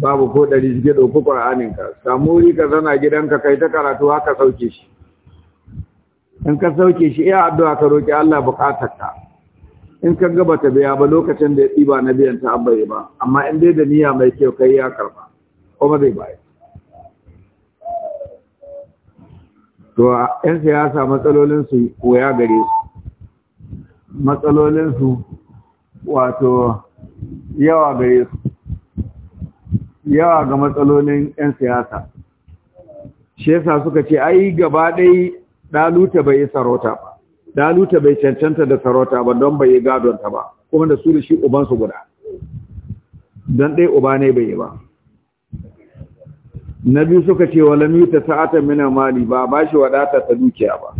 babu ko dari jike dauko Qur'anin ka samu ri ka zana gidanka kai ta karatu haka sauke shi in ka sauke shi iya addu'a ka roki Allah bukatarka in ka gaba ta biya ba lokacin da ya ɗiba na biyan ta abai ba amma in dai da niyya mai kyau kai ya karba kuma zai bayar to yan siyasa matsalolinsu koya gare su matsalolinsu wato yawa gare su yawa ga matsalolin 'yan siyasa shi yasa suka ce ai gaba ɗai ɗaluta bai sarauta ba daluta bai cancanta da sarauta ba don bai yi gadonta ba kuma da su da shi ubansu guda don ɗaya uba ne bai yi ba na biyu suka ce wa ta sa'atar mina mali ba ba shi wadata ta dukiya ba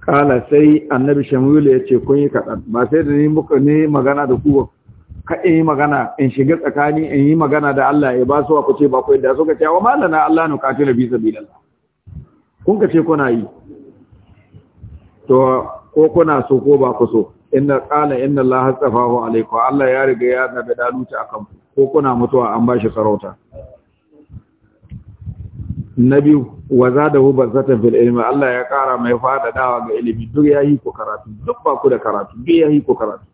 kala sai annabi shamilu ya ce kun yi kaɗan ba sai da ni muka ne magana da ku ka in yi magana in shiga tsakani in yi magana da Allah ya ba su wa ku ce ba ku yadda suka ce wa malana Allah nu katila bi sabilillah kun ka ce kuna yi to ko kuna so ko ba ku so inna qala inna allaha tafahu alaikum allah ya riga ya nabi daluta akan ku ko kuna mutuwa an bashi sarauta nabi wa zadahu barzatan fil ilmi allah ya kara mai fadadawa ga ilimi duk yayi ku karatu duk ba ku da karatu duk yayi ku karatu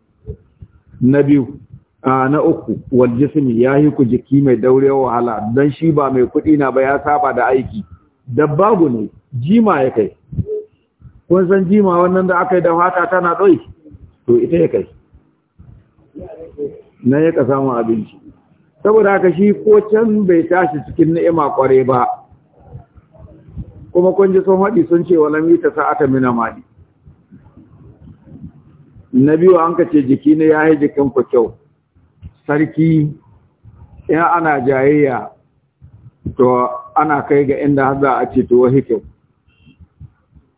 nabi na uku wal jismi yayi ku jiki mai daurewa wahala dan shi ba mai kudi na ba ya saba da aiki dabbabu ne jima ya kai kun san jima wannan da aka yi da fata tana ɗoi to ita ya kai na ya ka samun abinci saboda haka shi ko can bai tashi cikin ni'ima kware ba kuma kun ji sun haɗi sun ce walam ta sa'ata mina mali na biyu an ka ce jiki na ya yi jikin ku kyau sarki in ana jayayya to ana kai ga inda za a ce to wahi kyau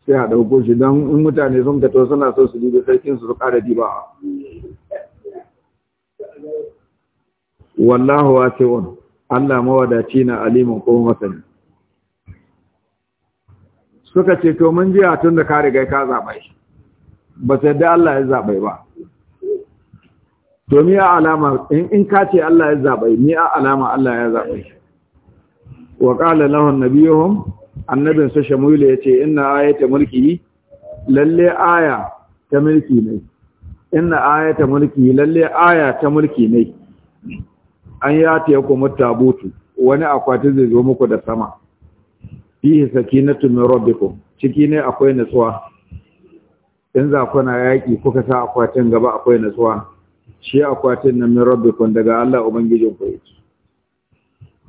sai a ɗauko shi don in mutane sun fito suna so su dubi sarkin su ƙara diba wallahu wasi'un Allah mawadaci na alimin ko masani suka ce to mun jiya tun da ka riga ka zaɓa shi ba sai da Allah ya zaɓai ba to mi a alama in ka ce Allah ya zaɓai mi a alama Allah ya zaɓai wa ƙala lahum nabiyohun annabin sa Shamuilu ya ce inna ayata mulki lalle aya ta mulki ne inna ayata mulki lalle aya ta mulki ne an ya ta yako mutabutu wani akwati zai zo muku da sama fihi sakinatu min rabbikum ciki ne akwai nutsuwa in za kuna yaki kuka sa akwatin gaba akwai nutsuwa shi akwatin nan min rabbikum daga Allah ku yake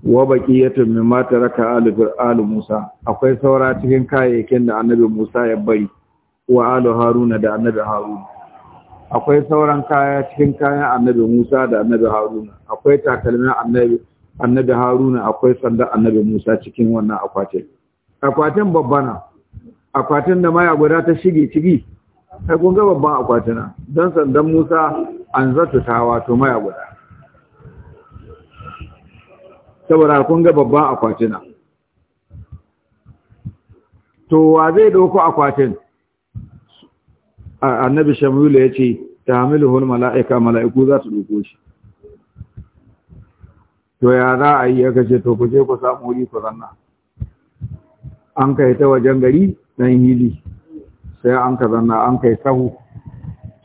wa baqiyatun mimma taraka alu alu Musa akwai saura cikin kayayyakin da annabi Musa ya bari wa alu Haruna da annabi Haruna akwai sauran kaya cikin kayan annabi Musa da annabi Haruna akwai takalmin annabi annabi Haruna akwai sanda annabi Musa cikin wannan akwatin akwatin babbana akwatin da maya guda ta shige ciki sai kun ga babban akwatina don sandan Musa an zata ta wato maya guda saboda kun ga babban akwatina to wa zai doko akwatin annabi shamilu ya ce ta hamiluhun mala'ika mala'iku za su doko shi to ya za a yi ya kace to ku je ku samu wuri ku zanna an kai ta wajen gari dan hili sai an ka zanna an kai sahu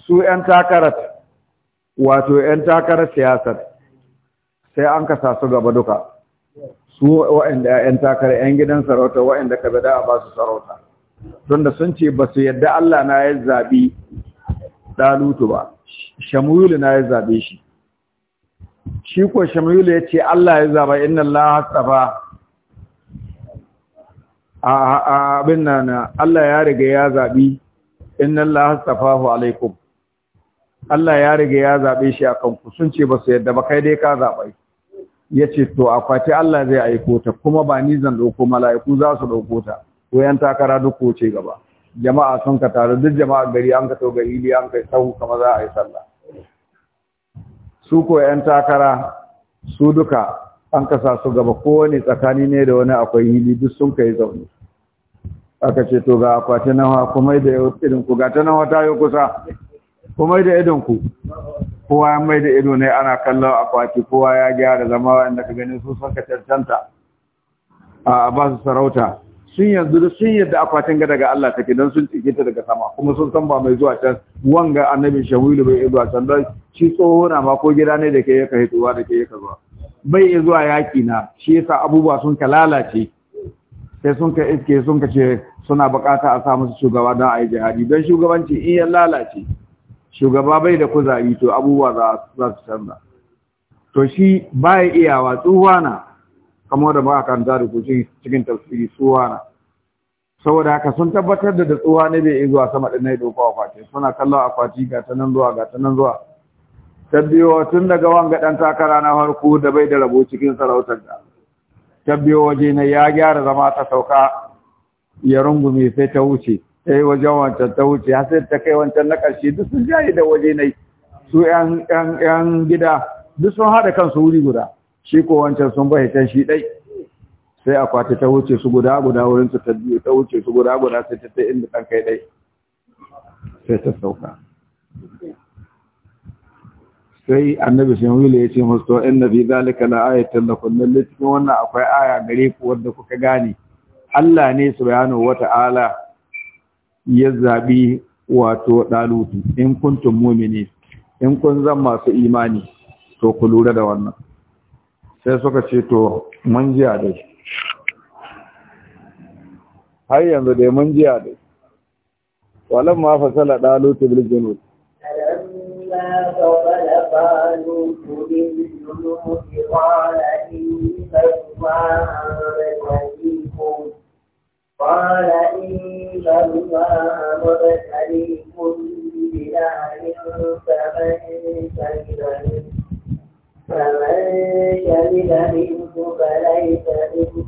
su ‘yan takarar wato ‘yan takarar siyasar sai an kasa su gaba duka su waɗanda ‘yan takar ‘yan gidan sarauta waɗanda ka bada a ba su sarauta da sun ce ba su yadda Allah na ya zaɓi ɗalutu ba shamuyulu na ya zaɓe shi shi ko shamuyulu ya ce Allah ya zaɓa inna Allah tsafa a abin nan, Allah ya riga ya zaɓi inna Allah tsafahu alaikum Allah ya riga ya zaɓe shi a kanku sun ce ba su yadda ba kai dai ka zaɓai ya ce to akwati Allah zai aiko ta kuma ba ni zan ɗauko mala'iku za su ɗauko ta ko yan takara duk ko ce gaba jama'a sun ka taru duk jama'a gari an ka to gari ne an kai sahu kama za a yi sallah su ko yan takara su duka an sa su gaba kowane tsakani ne da wani akwai hili duk sun kai zaune aka ce to ga akwati nawa kuma da irin ku ga ta nawa ta yi kusa kuma da idan ku kowa ya mai da ido ne ana kallon akwati kowa ya gyara zama inda ka gani su ka cancanta a ba su sarauta sun yanzu da sun yadda akwatin ga daga Allah take don sun tsike ta daga sama kuma sun san ba mai zuwa can wanga annabi shawilu bai zuwa can don shi tsoho na ma ko gida ne da ke yaka hituwa da ke yaka zuwa bai zuwa yaki na shi yasa abubuwa sun ka lalace sai sun ka iske sun ka ce suna bukata a sa musu shugaba don a yi jihadi don shugabanci in ya lalace shugaba bai da kuzari to abubuwa za su canza to shi baya iyawa tsuwana kamar da ba kan da ku cikin tafsiri tsuwana saboda haka sun tabbatar da tsuwa ne bai zuwa sama din nai dofa kwace suna kallon akwati ga ta nan zuwa ga ta nan zuwa tabbiyo tun daga wanga dan takara na harku da bai da rabo cikin sarautar da ta waje na ya gyara zama ta sauka ya rungume sai ta wuce ta eh, wajen wancan ta wuce har sai ta kai wancan na ƙarshe duk sun jaye da waje nai su ƴan gida duk sun haɗa kansu wuri guda shi ko wancan sun bai can shi ɗai sai akwati ta wuce su guda guda wurin su ta biyu ta wuce su guda guda sai ta ta inda ɗan kai ɗai sai ta sauka sai annabi sun wuli ya ce musu in na fi zalika la ayatan lakum lalle cikin wannan akwai aya gare ku wanda kuka gane Allah ne subhanahu wata'ala ya zaɓi wato ɗalutu in kuntum mumini in kun zan masu imani to ku lura da wannan sai suka ce to mun jiya dai har yanzu dai mun jiya dai walan ma fasala ɗalutu bil junud قال إن الله مبتليكم بنار فمن شهد فمن منه فليس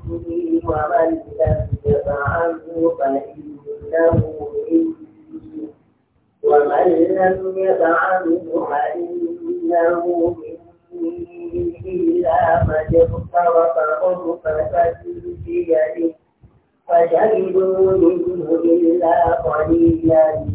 مني ومن لم يفعله فإنه ومن لم يفعله فإنه مني إلا من اقترف غرفة بيده فشهدوا Guardian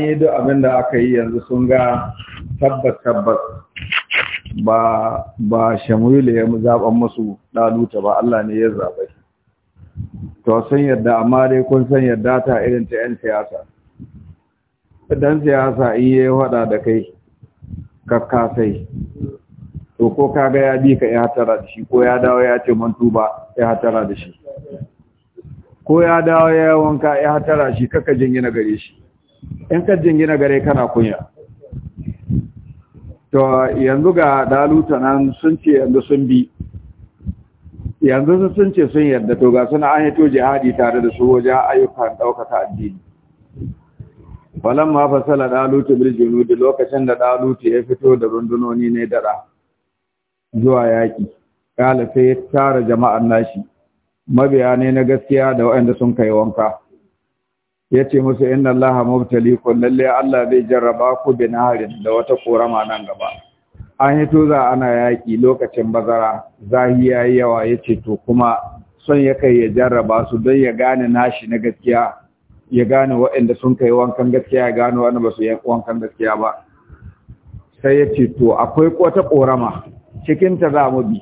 an yi duk abin da aka yi yanzu sun ga tabbas tabbas ba ba shamuila ya zaɓen musu ɗaluta ba Allah ne ya shi to sun yadda amma dai kun san yadda ta irin ta 'yan siyasa dan siyasa in ya waɗa da kai kakkasai to ko kaga ya bi ka ya hatara da shi ko ya dawo ya ce man tuba ya hatara da shi ko ya dawo ya yi wanka ya hatara shi kaka jingina gare shi in ka jingina gare kana kunya to yanzu ga daluta nan sun ce yanzu sun bi yanzu sun ce sun yarda to ga suna an hito jihadi tare da su wajen ayyukan ɗaukaka addini falamma fasala dalutu bil junudi lokacin da dalutu ya fito da rundunoni ne dara zuwa yaki kala sai ya tara jama'an nashi mabiya ne na gaskiya da waɗanda sun kai wanka ya ce musu inna Allah mubtalikum lalle Allah zai jarraba ku bi naharin da wata korama nan gaba an yi za ana yaƙi lokacin bazara zahi yi yawa ce to kuma son ya kai ya jarraba su don ya gane nashi na gaskiya ya gane waɗanda sun kai wankan gaskiya ya gane wani ba su yi wankan gaskiya ba sai ya ce to akwai wata korama cikinta za mu bi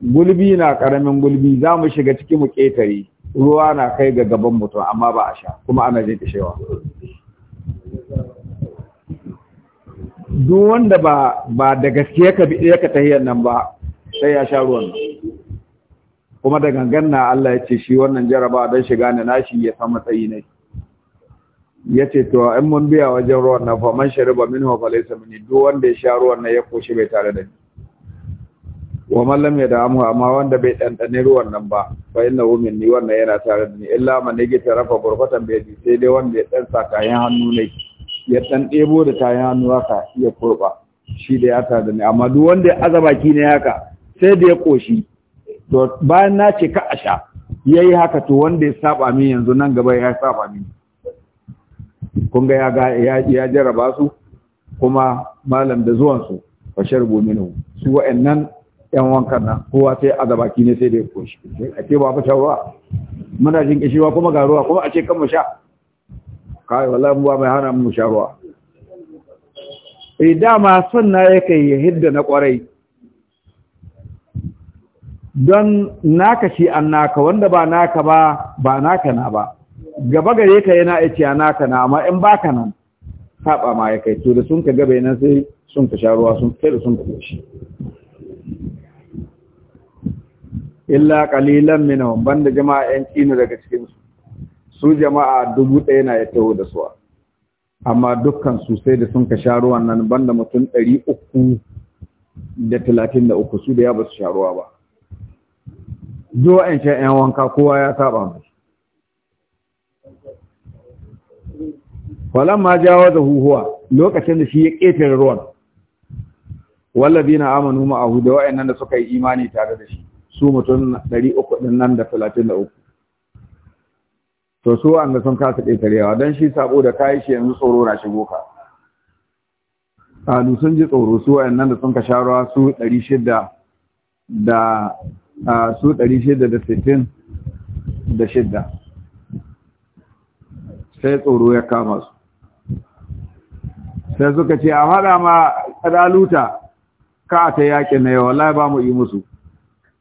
gulbi na ƙaramin gulbi za mu shiga ciki mu ƙetare ruwa na kai ga gaban mutum amma ba a sha kuma ana jin kishewa duk wanda ba ba da gaskiya ka biɗe ka tahiyar nan ba sai ya sha ruwan kuma da gangan na Allah ya ce shi wannan jaraba dan shiga na nashi ya san matsayi ne ya to in mun biya wajen ruwan nan fa man shariba minhu fa laysa minni duk wanda ya sha ruwan nan ya koshi bai tare da ni wa mallam ya da amu amma wanda bai dandane ruwan nan ba fa inna wumin ni wannan yana tare da ni illa man yake tarafa gurbatan bai ji sai dai wanda ya dan sa kayan hannu ne ya dan debo da kayan hannu haka ya kurba shi da ya tare da ni amma duk wanda ya azaba ki ne haka sai da ya koshi to bayan na ce ka asha yayi haka to wanda ya saba min yanzu nan gaba ya saba min kun ga ya ya jaraba su kuma malam da zuwan su fashar minhu su wa'annan yan wankan nan kowa sai a gabaki ne sai da ya koshi a ce ba mu ruwa muna jin kishiwa kuma ga ruwa kuma a ce kan mu sha kai wallahi mu ba mai hana mu sha ruwa eh dama sunna yake ya hidda na kwarai don naka shi an naka wanda ba naka ba ba naka na ba gaba gare ka yana yace naka na amma in baka nan saba ma ya kai to da sun ka gaba nan sai sun ka sha ruwa sun kai da sun ka shi illa qalilan minhum banda jama'a yan kino daga cikin su su jama'a dubu ɗaya na ya taho da su amma dukkan su sai da sun ka sha wannan ban banda mutum 333 su da ya ba su sharuwa ba jo an sha yan wanka kowa ya saba mu Wala ma jawo da huhuwa lokacin da shi ya ƙetare ruwan wallabi na amanu ma'ahu da wa'annan da suka yi imani tare da shi su mutum uku ɗin nan da uku. to su an ga sun kasa ƙetarewa don shi sabo da kayi shi yanzu tsoro na shigo ka kalu sun ji tsoro su wayannan da sun ka sharuwa su ɗari shida da su da shida. sai tsoro ya kama su sai suka ce a faɗa ma ƙadaluta ka a ta yaƙi na yau wallahi ba mu yi musu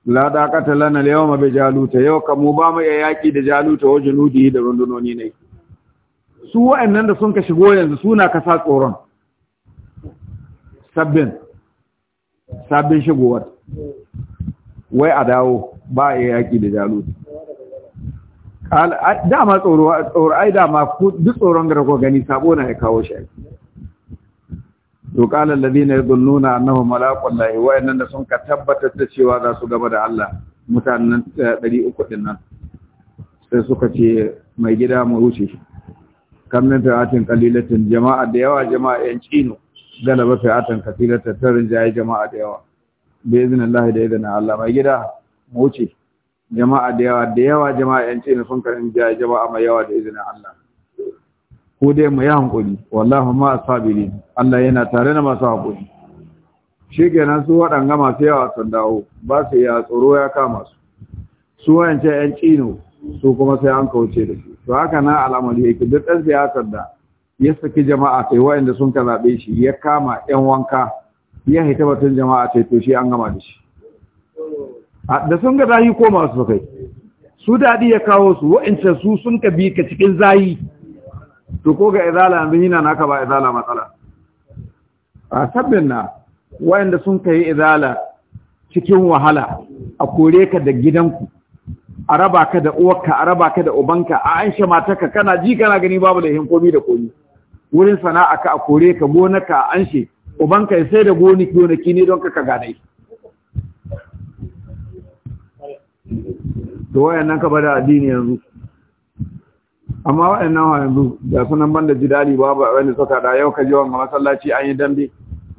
la daqata lana al-yawma bi jaluta yau kam mu ba mu yaki da jaluta wa junudi da rundunoni ne su wa'annan da sun ka shigo yanzu suna kasa tsoron sabbin sabbin shigowar wai a dawo ba a yaki da jaluta dama tsoro ai dama duk tsoron garko gani sabo na ya kawo shi to qala alladhina yadhunnuna annahum mulaqullahi wa inna sun ka tabbatar da cewa za su gaba da Allah mutanen 300 eh, din nan sai suka ce mai gida mu wuce kam min fi'atin qalilatin jama'a da yawa jama'a yan cino galaba fi'atan kathiratan tarin jaye jama'a da yawa bi iznillahi da idan Allah mai gida mu wuce jama'a da yawa da yawa jama'a yan cino sun karin jaye jama'a mai yawa da izinin Allah ko dai mu yi hankuli wallahi ma asabiri Allah yana tare na masu hankuli shi kenan su waɗanga masu yawa sun dawo ba su ya tsoro ya kama su su wayance yan cino su kuma sai an kauce da su to haka na al'amari yake duk ɗan siyasar da ya saki jama'a sai wayanda sun ka zaɓe shi ya kama yan wanka ya hita batun jama'a sai to shi an gama da shi da sun ga zayi ko masu kai su daɗi ya kawo su wa'ancan su sun ka bi ka cikin zayi to ko ga izala yanzu hina naka ba izala matsala a sabbin na wayanda sun kai izala cikin wahala a kore ka da gidanku a raba ka da uwarka a raba ka da ubanka a anshe matarka kana ji kana gani babu da komi da komi wurin sana'a ka a kore ka gonaka a anshe ubanka ya sai da gonaki ki ne don ka ka gane to wayannan ka bada addini yanzu amma waɗannan yanzu da sunan banda jidali babu wani suka da yau ka ji wanga masallaci an yi dambe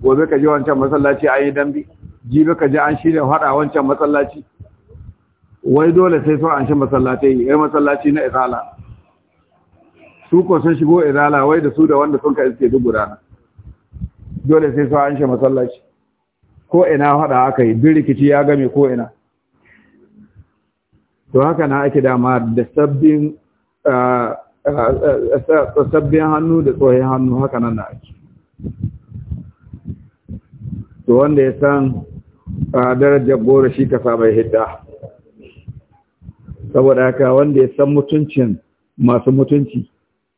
gobe ka ji wancan masallaci an yi dambe jibe ka ji an shirya haɗa wancan masallaci wai dole sai sun an shi masallatai yai eh, masallaci na izala su ko sun shigo izala wai da su da wanda sun ka iske duk gudana dole sai sun an shi masallaci ko ina haɗa aka yi bin rikici ya game ko ina to haka na ake dama da sabbin sabbin hannu da tsohon hannu haka nan na ake to wanda ya san darajar goro shi kasa mai hidda saboda haka wanda ya san mutuncin masu mutunci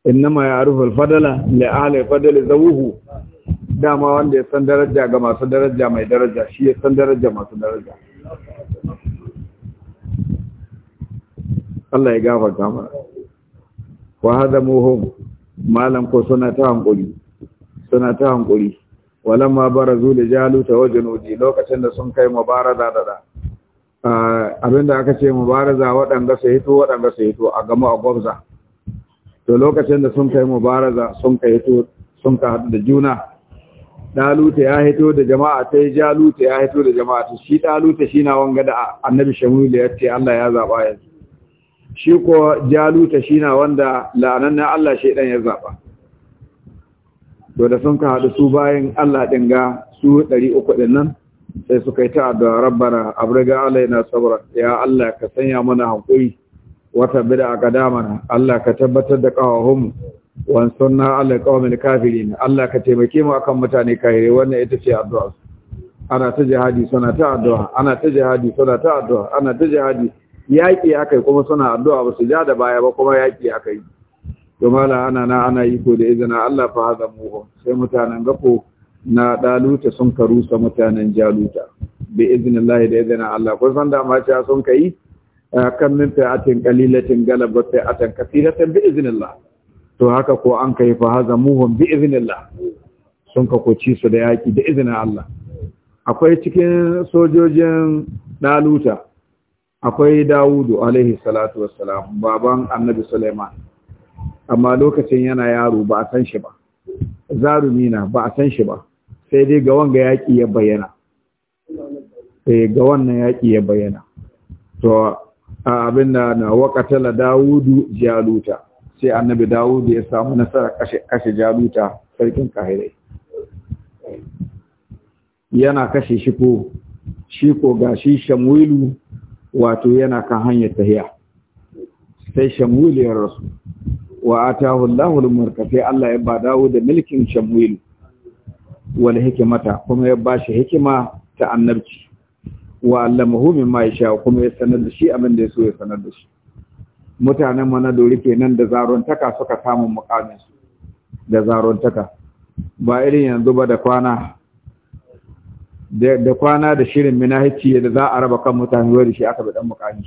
innama ya arufar fadala la'alai fadali zawuhu dama wanda ya san daraja ga masu daraja mai daraja shi ya san daraja masu daraja Allah ya gafa gama. wa hadamuhum malam ko suna ta hankuri suna ta hankuri walamma barazu li jaluta wa junudi lokacin da sun kai mubaraza da da ah, abinda aka ce mubaraza waɗanda su hito waɗanda su hito a gama a gwabza to lokacin da sun kai mubaraza sun kai hito sun ka haɗu da juna daluta ya hito da jama'a ta yi jaluta ya hito da jama'a ta shi daluta shi na wanga da annabi da ya ce Allah ya zaɓa yanzu shi ko jaluta shi na wanda la'anannan Allah shaidan ya zaɓa to da sun ka haɗu su bayan Allah ɗin ga su ɗari uku ɗin nan sai suka yi ta da rabbana abriga alaina sabra ya Allah ka sanya mana hankuri wata bida a kadamana Allah ka tabbatar da kawahunmu wan sunna ala kafiri kafirin Allah ka taimake mu akan mutane kahire wannan ita ce addu'a ana ta jihadi suna ta addu'a ana ta jihadi suna ta addu'a ana ta jihadi yaƙi aka yi kuma suna addu'a ba su ja da baya ba kuma yaƙi aka yi jumala ana na ana yi ko da izina Allah fa haza muhu sai mutanen gafo na daluta sun karusa mutanen jaluta bi iznillahi da izina Allah ko san da ma sun kai eh, kan min fi'atin qalilatin galabat atan kathiratan bi iznillah to haka ko an kai fa haza muhum bi iznillah sun ka koci su da yaƙi da izinin Allah akwai cikin sojojin daluta akwai Dawudu alaihi salatu wassalam baban Annabi Sulaiman amma lokacin yana yaro ba a san shi ba zarumina ba a san shi ba sai dai ga wanga yaki ya bayyana sai eh, ga wannan yaki ya bayyana to abinda na waqatala Dawudu jaluta sai Annabi Dawudu ya samu nasara kashe kashe jaluta sarkin kahirai yana kashe shi ko shi ko gashi shamwilu wato yana kan hanyar tahiya sai shamwil ya rasu wa atahu Allahu al-mulka sai Allah ya ba dawo da milkin shamwil wal hikimata kuma ya ba shi hikima ta annabci wa allamahu mimma yasha kuma ya sanar da shi abin da yaso ya sanar da shi mutanen mana dori kenan da zaron taka suka samu mukamin su da zaron taka ba irin yanzu ba da kwana da kwana da shirin minahici da za a raba kan mutane wani shi aka dan mukami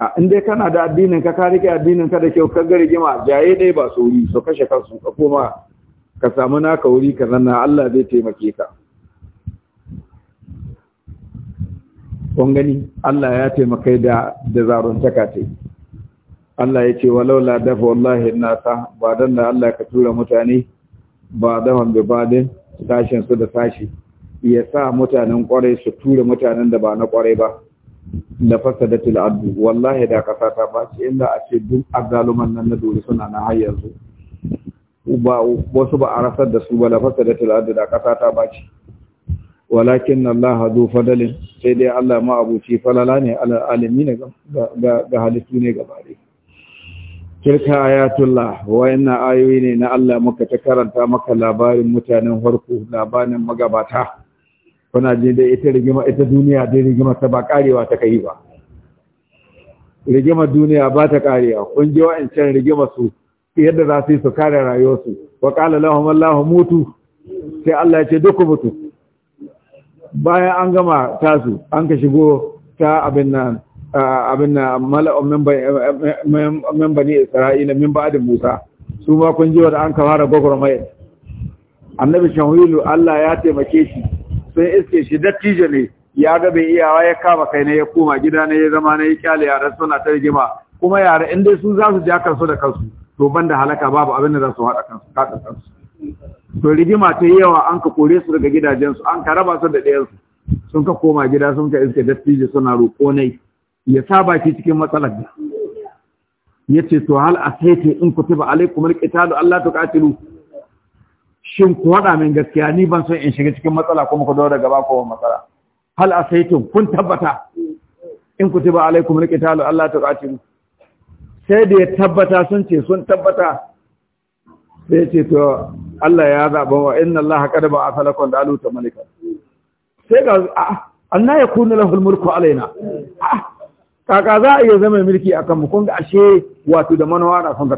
a inda kana da addinin ka ka rike addinin ka da kyau ka ga rigima jaye dai ba su wuri su kashe kansu ka koma ka samu naka wuri ka zanna Allah zai taimake ka kun gani Allah ya taimaka da da zaron taka ce Allah ya ce laula dafa wallahi nasa ba dan da Allah ka tura mutane ba da ba badin sashen su da sashi ya sa mutanen kwarai su tura mutanen da ba na kwarai ba da fasadatul wallahi da kasa ta baci Inda a ce duk azaluman nan na dole suna na har yanzu ba wasu ba a rasar da su ba la fasadatul ardu da kasa ta baci walakin Allah hadu fadalin sai dai Allah ma abuci falala ne alal ne ga ga halittu ne gaba tilka ayatullah wayanna ayoyi ne na Allah muka ta karanta maka labarin mutanen harku labarin magabata kuna ji da ita rigima ita duniya dai rigima ta ba karewa ta kai ba rigima duniya ba ta karewa kun ji wa'ancan rigima su yadda za su yi su kare rayuwarsu wa qala lahum Allahu mutu sai Allah ya ce duk mutu bayan an gama tasu an ka shigo ta abin nan abin na isra'ila min ba'ad musa su ma kun ji wanda an kawara mai annabi shahilu Allah ya taimake shi sun iske shi dattijo ne ya ga bai iyawa ya kama kai ne ya koma gida ne ya zama ne ya kyale yara suna ta rigima kuma yara in dai su za su ja kansu da kansu to ban da halaka babu abin da za su haɗa kansu kaɗa kansu to rigima ta yi yawa an ka kore su daga gidajensu an ka raba su da ɗayansu sun ka koma gida sun ka iske dattijo suna roƙo nai ya sa baki cikin matsalar da ya ce to hal a ce in ku tuba alaikumar ƙitalu Allah ta ƙatilu shin ku haɗa min gaskiya ni ban son in shiga cikin matsala kuma ku daura gaba ko matsala hal a ce kun tabbata in ku tuba alaikumar ƙitalu Allah ta ƙatilu sai da ya tabbata sun ce sun tabbata sai ce to Allah ya zaɓa wa inna Allah haƙa da ba a falakon da ta malika sai ga anna ya kunu lahul mulku alaina kaka za a iya zama mulki a kanmu kunga ashe wato da manowa na son ka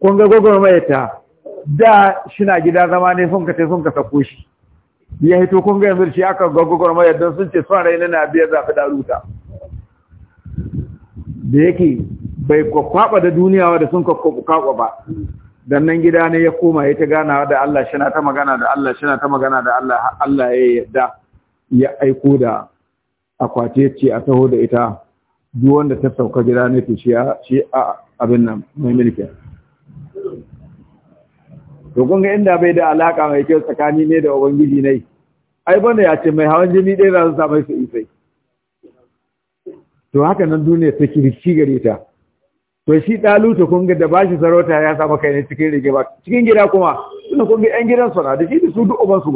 kunga kun ga ta, da shina gida zama ne sun kace sun ka sako shi ya hito kun yanzu shi aka gwagwarmayar don sun ce son rai na biyar zafi da ruta da yake bai kwakwaba da duniya da sun kwakwaba ba dan nan gida ne ya koma ya ta gana da Allah shi na ta magana da Allah shi na ta magana da Allah Allah ya yarda ya aiko da akwati ya ce a taho da ita duk wanda ta sauka gida ne to shi a abin nan mai mulkin to kun ga inda bai da alaka mai kyau tsakani ne da ubangiji ne ai bane ya ce mai hawan jini ɗaya za su samu su isai to haka nan duniya ta kirki gare ta to shi ɗaluta kun ga da bashi sarauta ya samu kai ne cikin rigima cikin gida kuma suna kun ga 'yan gidan suna da shi da su duk uban su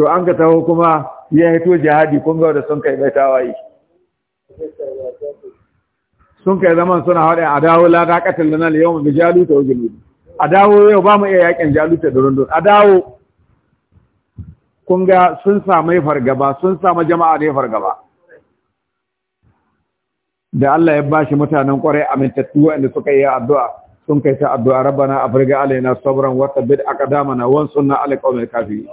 to an ka taho kuma ya hito jihadi kun ga da sun kai bai tawaye sun kai zaman suna haɗe a dawo lada katil lana da yawan da ta wajen yi a dawo yau ba mu iya yakin ta da rundun a dawo kun ga sun samu fargaba sun samu jama'a ne fargaba da Allah ya bashi mutanen kwarai amintattu waɗanda suka yi addu'a sun kai ta addu'a rabbana afirga alaina sabran wa tabbit aqdamana wansuna ala qawmil kafi.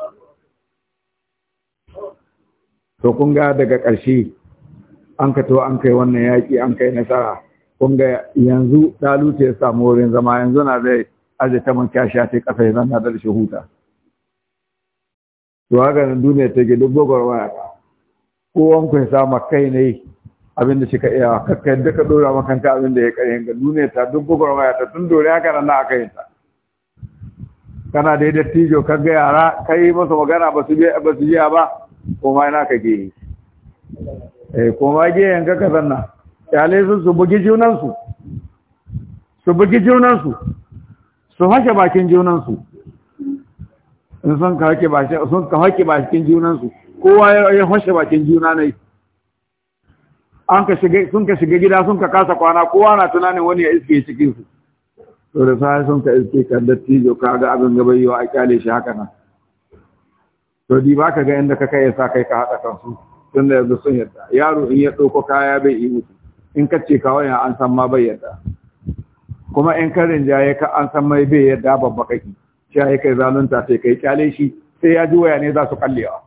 to kun ga daga ƙarshe an ka to an kai wannan yaƙi an kai nasara kun ga yanzu daluta ya samu wurin zama yanzu na zai aje ta kyashi a ta ƙasa ya zanna da shi huta to haka nan duniya ta gidu gogor waya ko ku ya sama kai ne abinda shi ka iya kakka yadda ka dora makanka abinda ya kare ga duniya ta duk gogor waya ta tun dore haka nan aka yi ta kana da tijo ka ga yara kai masa magana ba su je ba koma ina ka gehe eh koma gehen ka ka zanna kyale su su bugi junansu su bugi junansu su hashe bakin junansu in sun ka hake bakin sun ka hake bakin junansu kowa ya hashe bakin juna ne an ka shiga sun ka shiga gida sun ka kasa kwana kowa na tunanin wani ya iske cikin su to da sai sun ka iske kan dattijo ka ga abin gaba yiwa a kyale shi haka nan to di ba ka ga inda ka kai sa kai ka haɗa kansu tun da yanzu sun yadda yaro in ya ɗauko kaya bai yi mutu in ka ce kawai an san ma bai yadda kuma in ka rinjaye ka an san mai bai yadda babba kake shi ya kai zalunta sai kai kyale shi sai ya ji waya ne za su kallewa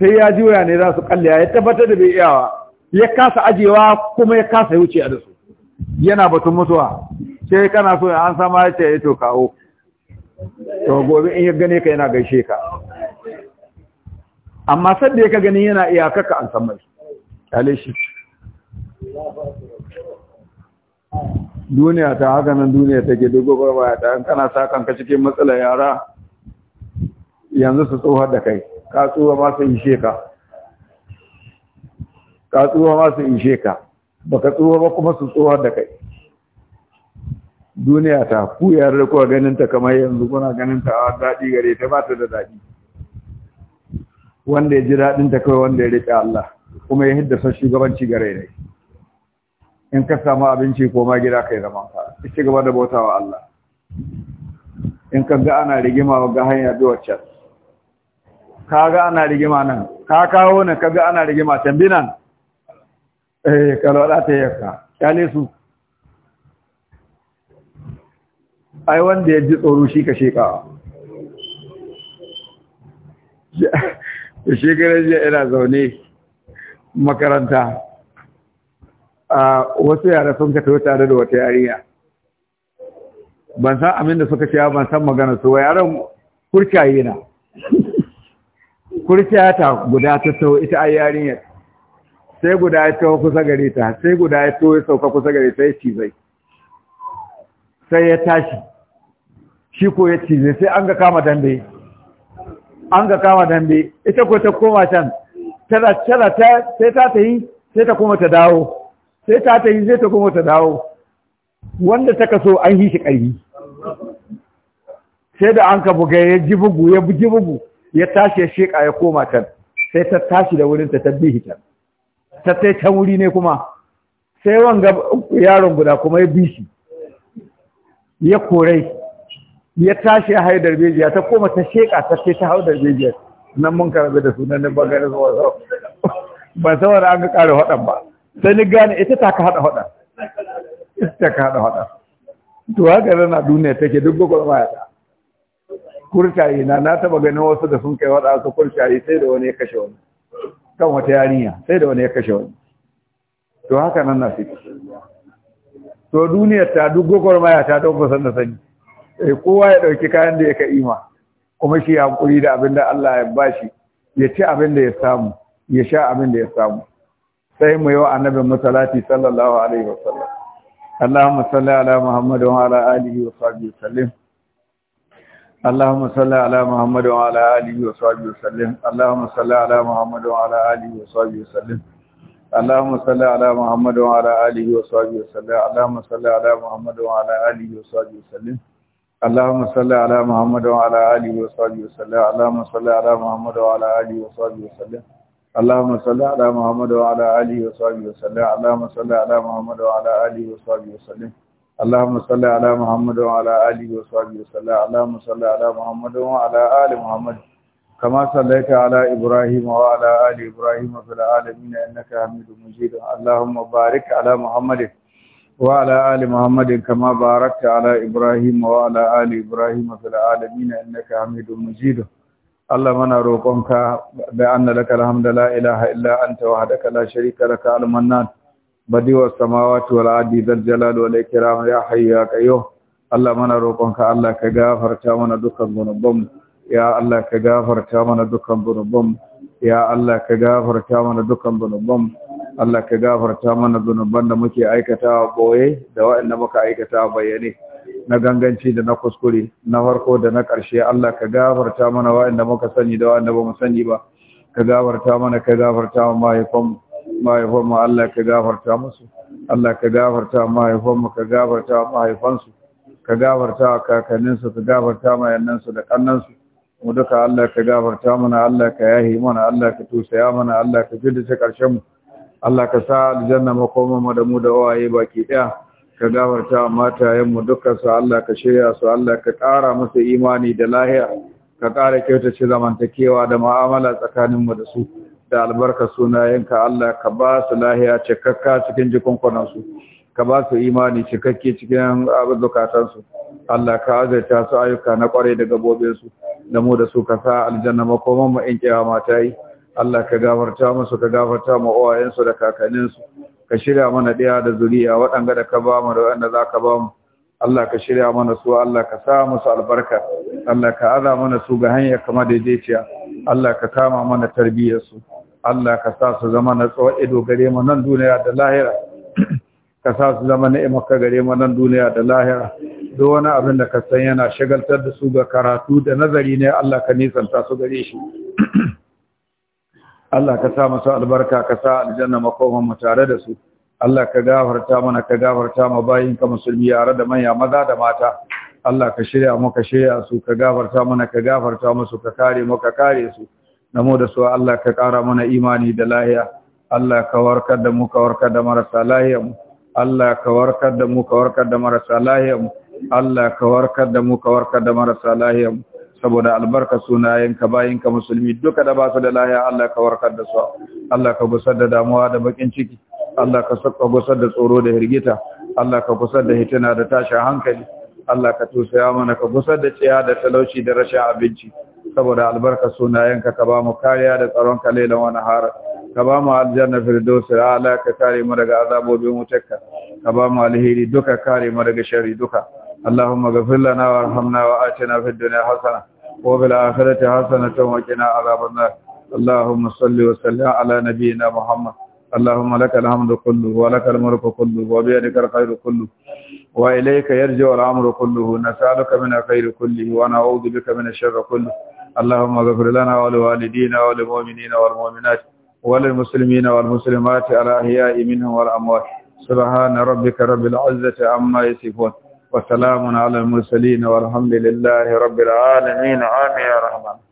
sai ya ji waya ne za su kallewa ya tabbatar da bai iyawa ya kasa ajewa kuma ya kasa wuce a da su yana batun mutuwa sai kana so an sama ya ce ya eh, to kawo to gobe in ya gane ka yana gaishe ka amma sadda ya gani yana iyakar ka an san mai kale shi duniya ta haka nan duniya take dogo barbaya ta kana sa kanka cikin matsalar yara yanzu su tsoha da kai ka tsoha ma su ishe ka ka tsoha ma su ishe ka baka tsoha ba kuma su tsoha da kai duniya ta ku ya riko ganin ta kamar yanzu kuna ganin ta a daɗi gare ta ba ta da daɗi wanda ya ji daɗin ta kawai wanda ya riƙe Allah kuma ya hiddasa shugabanci gare ne in ka samu abinci ko ma gida kai zaman ka ci gaba da bautawa Allah in ka ga ana rigima ga hanya bi wacce ka ga ana rigima nan ka kawo nan ka ga ana rigima tambinan eh kalwala ta yakka kyale su ai wanda ya ji tsoro shi ka sheka da shekarar jiya ina zaune makaranta a wasu yara sun ka tare da wata yariya ban san amin da suka cewa ban san magana su yaran kurciyayi na kurciya ta guda ta sau ita a yarinyar sai guda ya taho kusa gare ta sai guda ya taho ya sauka kusa gare ta ya cizai sai ya tashi shi ko ya cize sai an ga kama dambe an ga kama dambe ita ko ta koma can tana tana ta sai ta ta yi sai ta koma ta dawo sai ta ta yi sai ta koma ta dawo wanda ta kaso an yi shi ƙarfi sai da an ka buga ya ji bugu ya buji bugu ya tashi ya sheƙa ya koma can sai ta tashi da wurin ta bihi can ta sai can wuri ne kuma sai wanga yaron guda kuma ya bi shi ya korai ya tashi ya haidar bejiya ta koma ta sheka ta ce ta haidar bejiya nan mun karbe da sunan nan bangare zuwa zuwa ba saboda an ga ƙara haɗan ba sai ni gane ita ta ka haɗa haɗa ita ta ka haɗa haɗa to haka rana duniya take duk gwagwarmaya ta kurtaye na na taba ganin wasu da sun kai waɗa su kurtaye sai da wani ya kashe wani kan wata yarinya sai da wani ya kashe wani to haka nan na fi to duniyar ta duk gwagwarmaya ta don ba san da sani Eh, kowa ya ɗauki kayan da ya ka ima kuma shi ya hakuri da abin da Allah ya bashi ya ci abin da ya samu ya sha abin da ya samu sai mu yau annabi musallati sallallahu alaihi wasallam Allahumma salli ala Muhammad wa ala alihi wa sahbihi sallim Allahumma salli ala Muhammad wa ala alihi wa sahbihi sallim Allahumma salli ala Muhammad wa ala alihi wa sahbihi sallim اللهم صل على محمد وعلى اله وصحبه وسلم اللهم صل على محمد وعلى اله وصحبه وسلم اللهم صل على محمد وعلى اله وصحبه وسلم اللهم صل على محمد وعلى اله وصحبه وسلم اللهم صل على محمد وعلى اله وصحبه وسلم اللهم صل على محمد وعلى اله وصحبه وسلم اللهم صل على محمد وعلى اله وصحبه وسلم اللهم صل على محمد وعلى ال محمد كما صليت على ابراهيم وعلى ال ابراهيم في العالمين انك حميد مجيد اللهم بارك على محمد وعلى آل محمد كما باركت على إبراهيم وعلى آل إبراهيم في العالمين إنك حميد مجيد اللهم انا روقك بان لك الحمد لا اله الا انت وحدك لا شريك لك المنان بديع السماوات والارض ذو الجلال والاكرام يا حي يا قيوم اللهم انا روقك الله كغفرتا منا دكان ذنوبم يا الله كغفرتا منا دكان ذنوبم يا الله كغفرتا منا دكان ذنوبم Allah ka gafarta mana zunuban da muke aikatawa boye da wa'anda muka aikatawa bayyane na ganganci da na kuskure na farko da na ƙarshe Allah ka gafarta mana wa'anda muka sani da wa'anda ba mu sani ba ka gafarta mana ka gafarta wa mahaifanmu mahaifanmu Allah ka gafarta musu Allah ka gafarta mahaifanmu ka gafarta mahaifansu ka gafarta kakannin kakanninsu ka gafarta su da su mu duka Allah ka gafarta mana Allah ka yahi mana Allah ka tusaya mana Allah ka jidda ta ƙarshen mu Allah ka sa aljanna makoman mu da mu da waye baki daya ka gafarta matayen mu dukkan su Allah ka shirya su Allah ka kara musu imani da lahiya ka kara kyautace zamantakewa da mu'amala tsakanin mu da su da albarka sunayenka Allah ka ba su lahiya cikakka cikin kwanan su ka ba su imani cikakke cikin su Allah ka azurta su ayyuka na kwarai da gabobinsu da mu da su ka sa aljanna makoman mu in kiyama ta Allah ka gafarta musu ka gafarta ma uwayensu da kakanninsu ka shirya mana ɗaya da zuriya waɗanda da ka ba mu da waɗanda za ka ba mu Allah ka shirya mana su Allah ka sa musu albarka Allah ka aza mana su ga hanya kamar daidaiciya Allah ka kama mana tarbiyyar su Allah ka sa su zama na tsawon ido gare mu nan duniya da lahira ka sa su zama ni'imar ka gare mu nan duniya da lahira duk wani abin da ka san yana shagaltar da su ga karatu da nazari ne Allah ka nisanta su gare shi Allah ka sa masu albarka ka sa aljanna makoman mu tare da su Allah ka gafarta mana ka gafarta ma bayin ka musulmi yare da manya maza da mata Allah ka shirya mu ka shirya su ka gafarta mana ka gafarta musu ka kare mu ka kare su namo da su Allah ka kara mana imani da lahiya Allah ka warkar da mu ka warkar da marasa lahiya mu Allah ka warkar da mu ka warkar da marasa lahiya mu Allah ka warkar da mu ka warkar da marasa lahiya mu saboda albarka sunayenka bayinka musulmi duka da ba da lahiya Allah ka warkar da su Allah ka gusar da damuwa da bakin ciki Allah ka saka gusar da tsoro da hirgita Allah ka gusar da hitina da tashin hankali Allah ka tusaya mana ka gusar da tsiya da talauci da rashin abinci saboda albarka sunayenka ka ba mu kariya da tsaron ka lela wani har ka ba mu aljanna firdaus ala ka kare mu daga azabobin wutarka ka ba mu alheri duka kare mu daga sharri duka اللهم اغفر لنا وارحمنا وآتنا في الدنيا حسنة وفي الآخرة حسنة وقنا عذاب النار اللهم صل وسلم على نبينا محمد اللهم لك الحمد كله ولك الملك كله وبيدك الخير كله وإليك يرجع الأمر كله نسألك من الخير كله ونعوذ بك من الشر كله اللهم اغفر لنا ولوالدينا وللمؤمنين والمؤمنات وللمسلمين والمسلمات الأحياء منهم والأموات سبحان ربك رب العزة عما يصفون وسلام على المرسلين والحمد لله رب العالمين آمين يا رحمن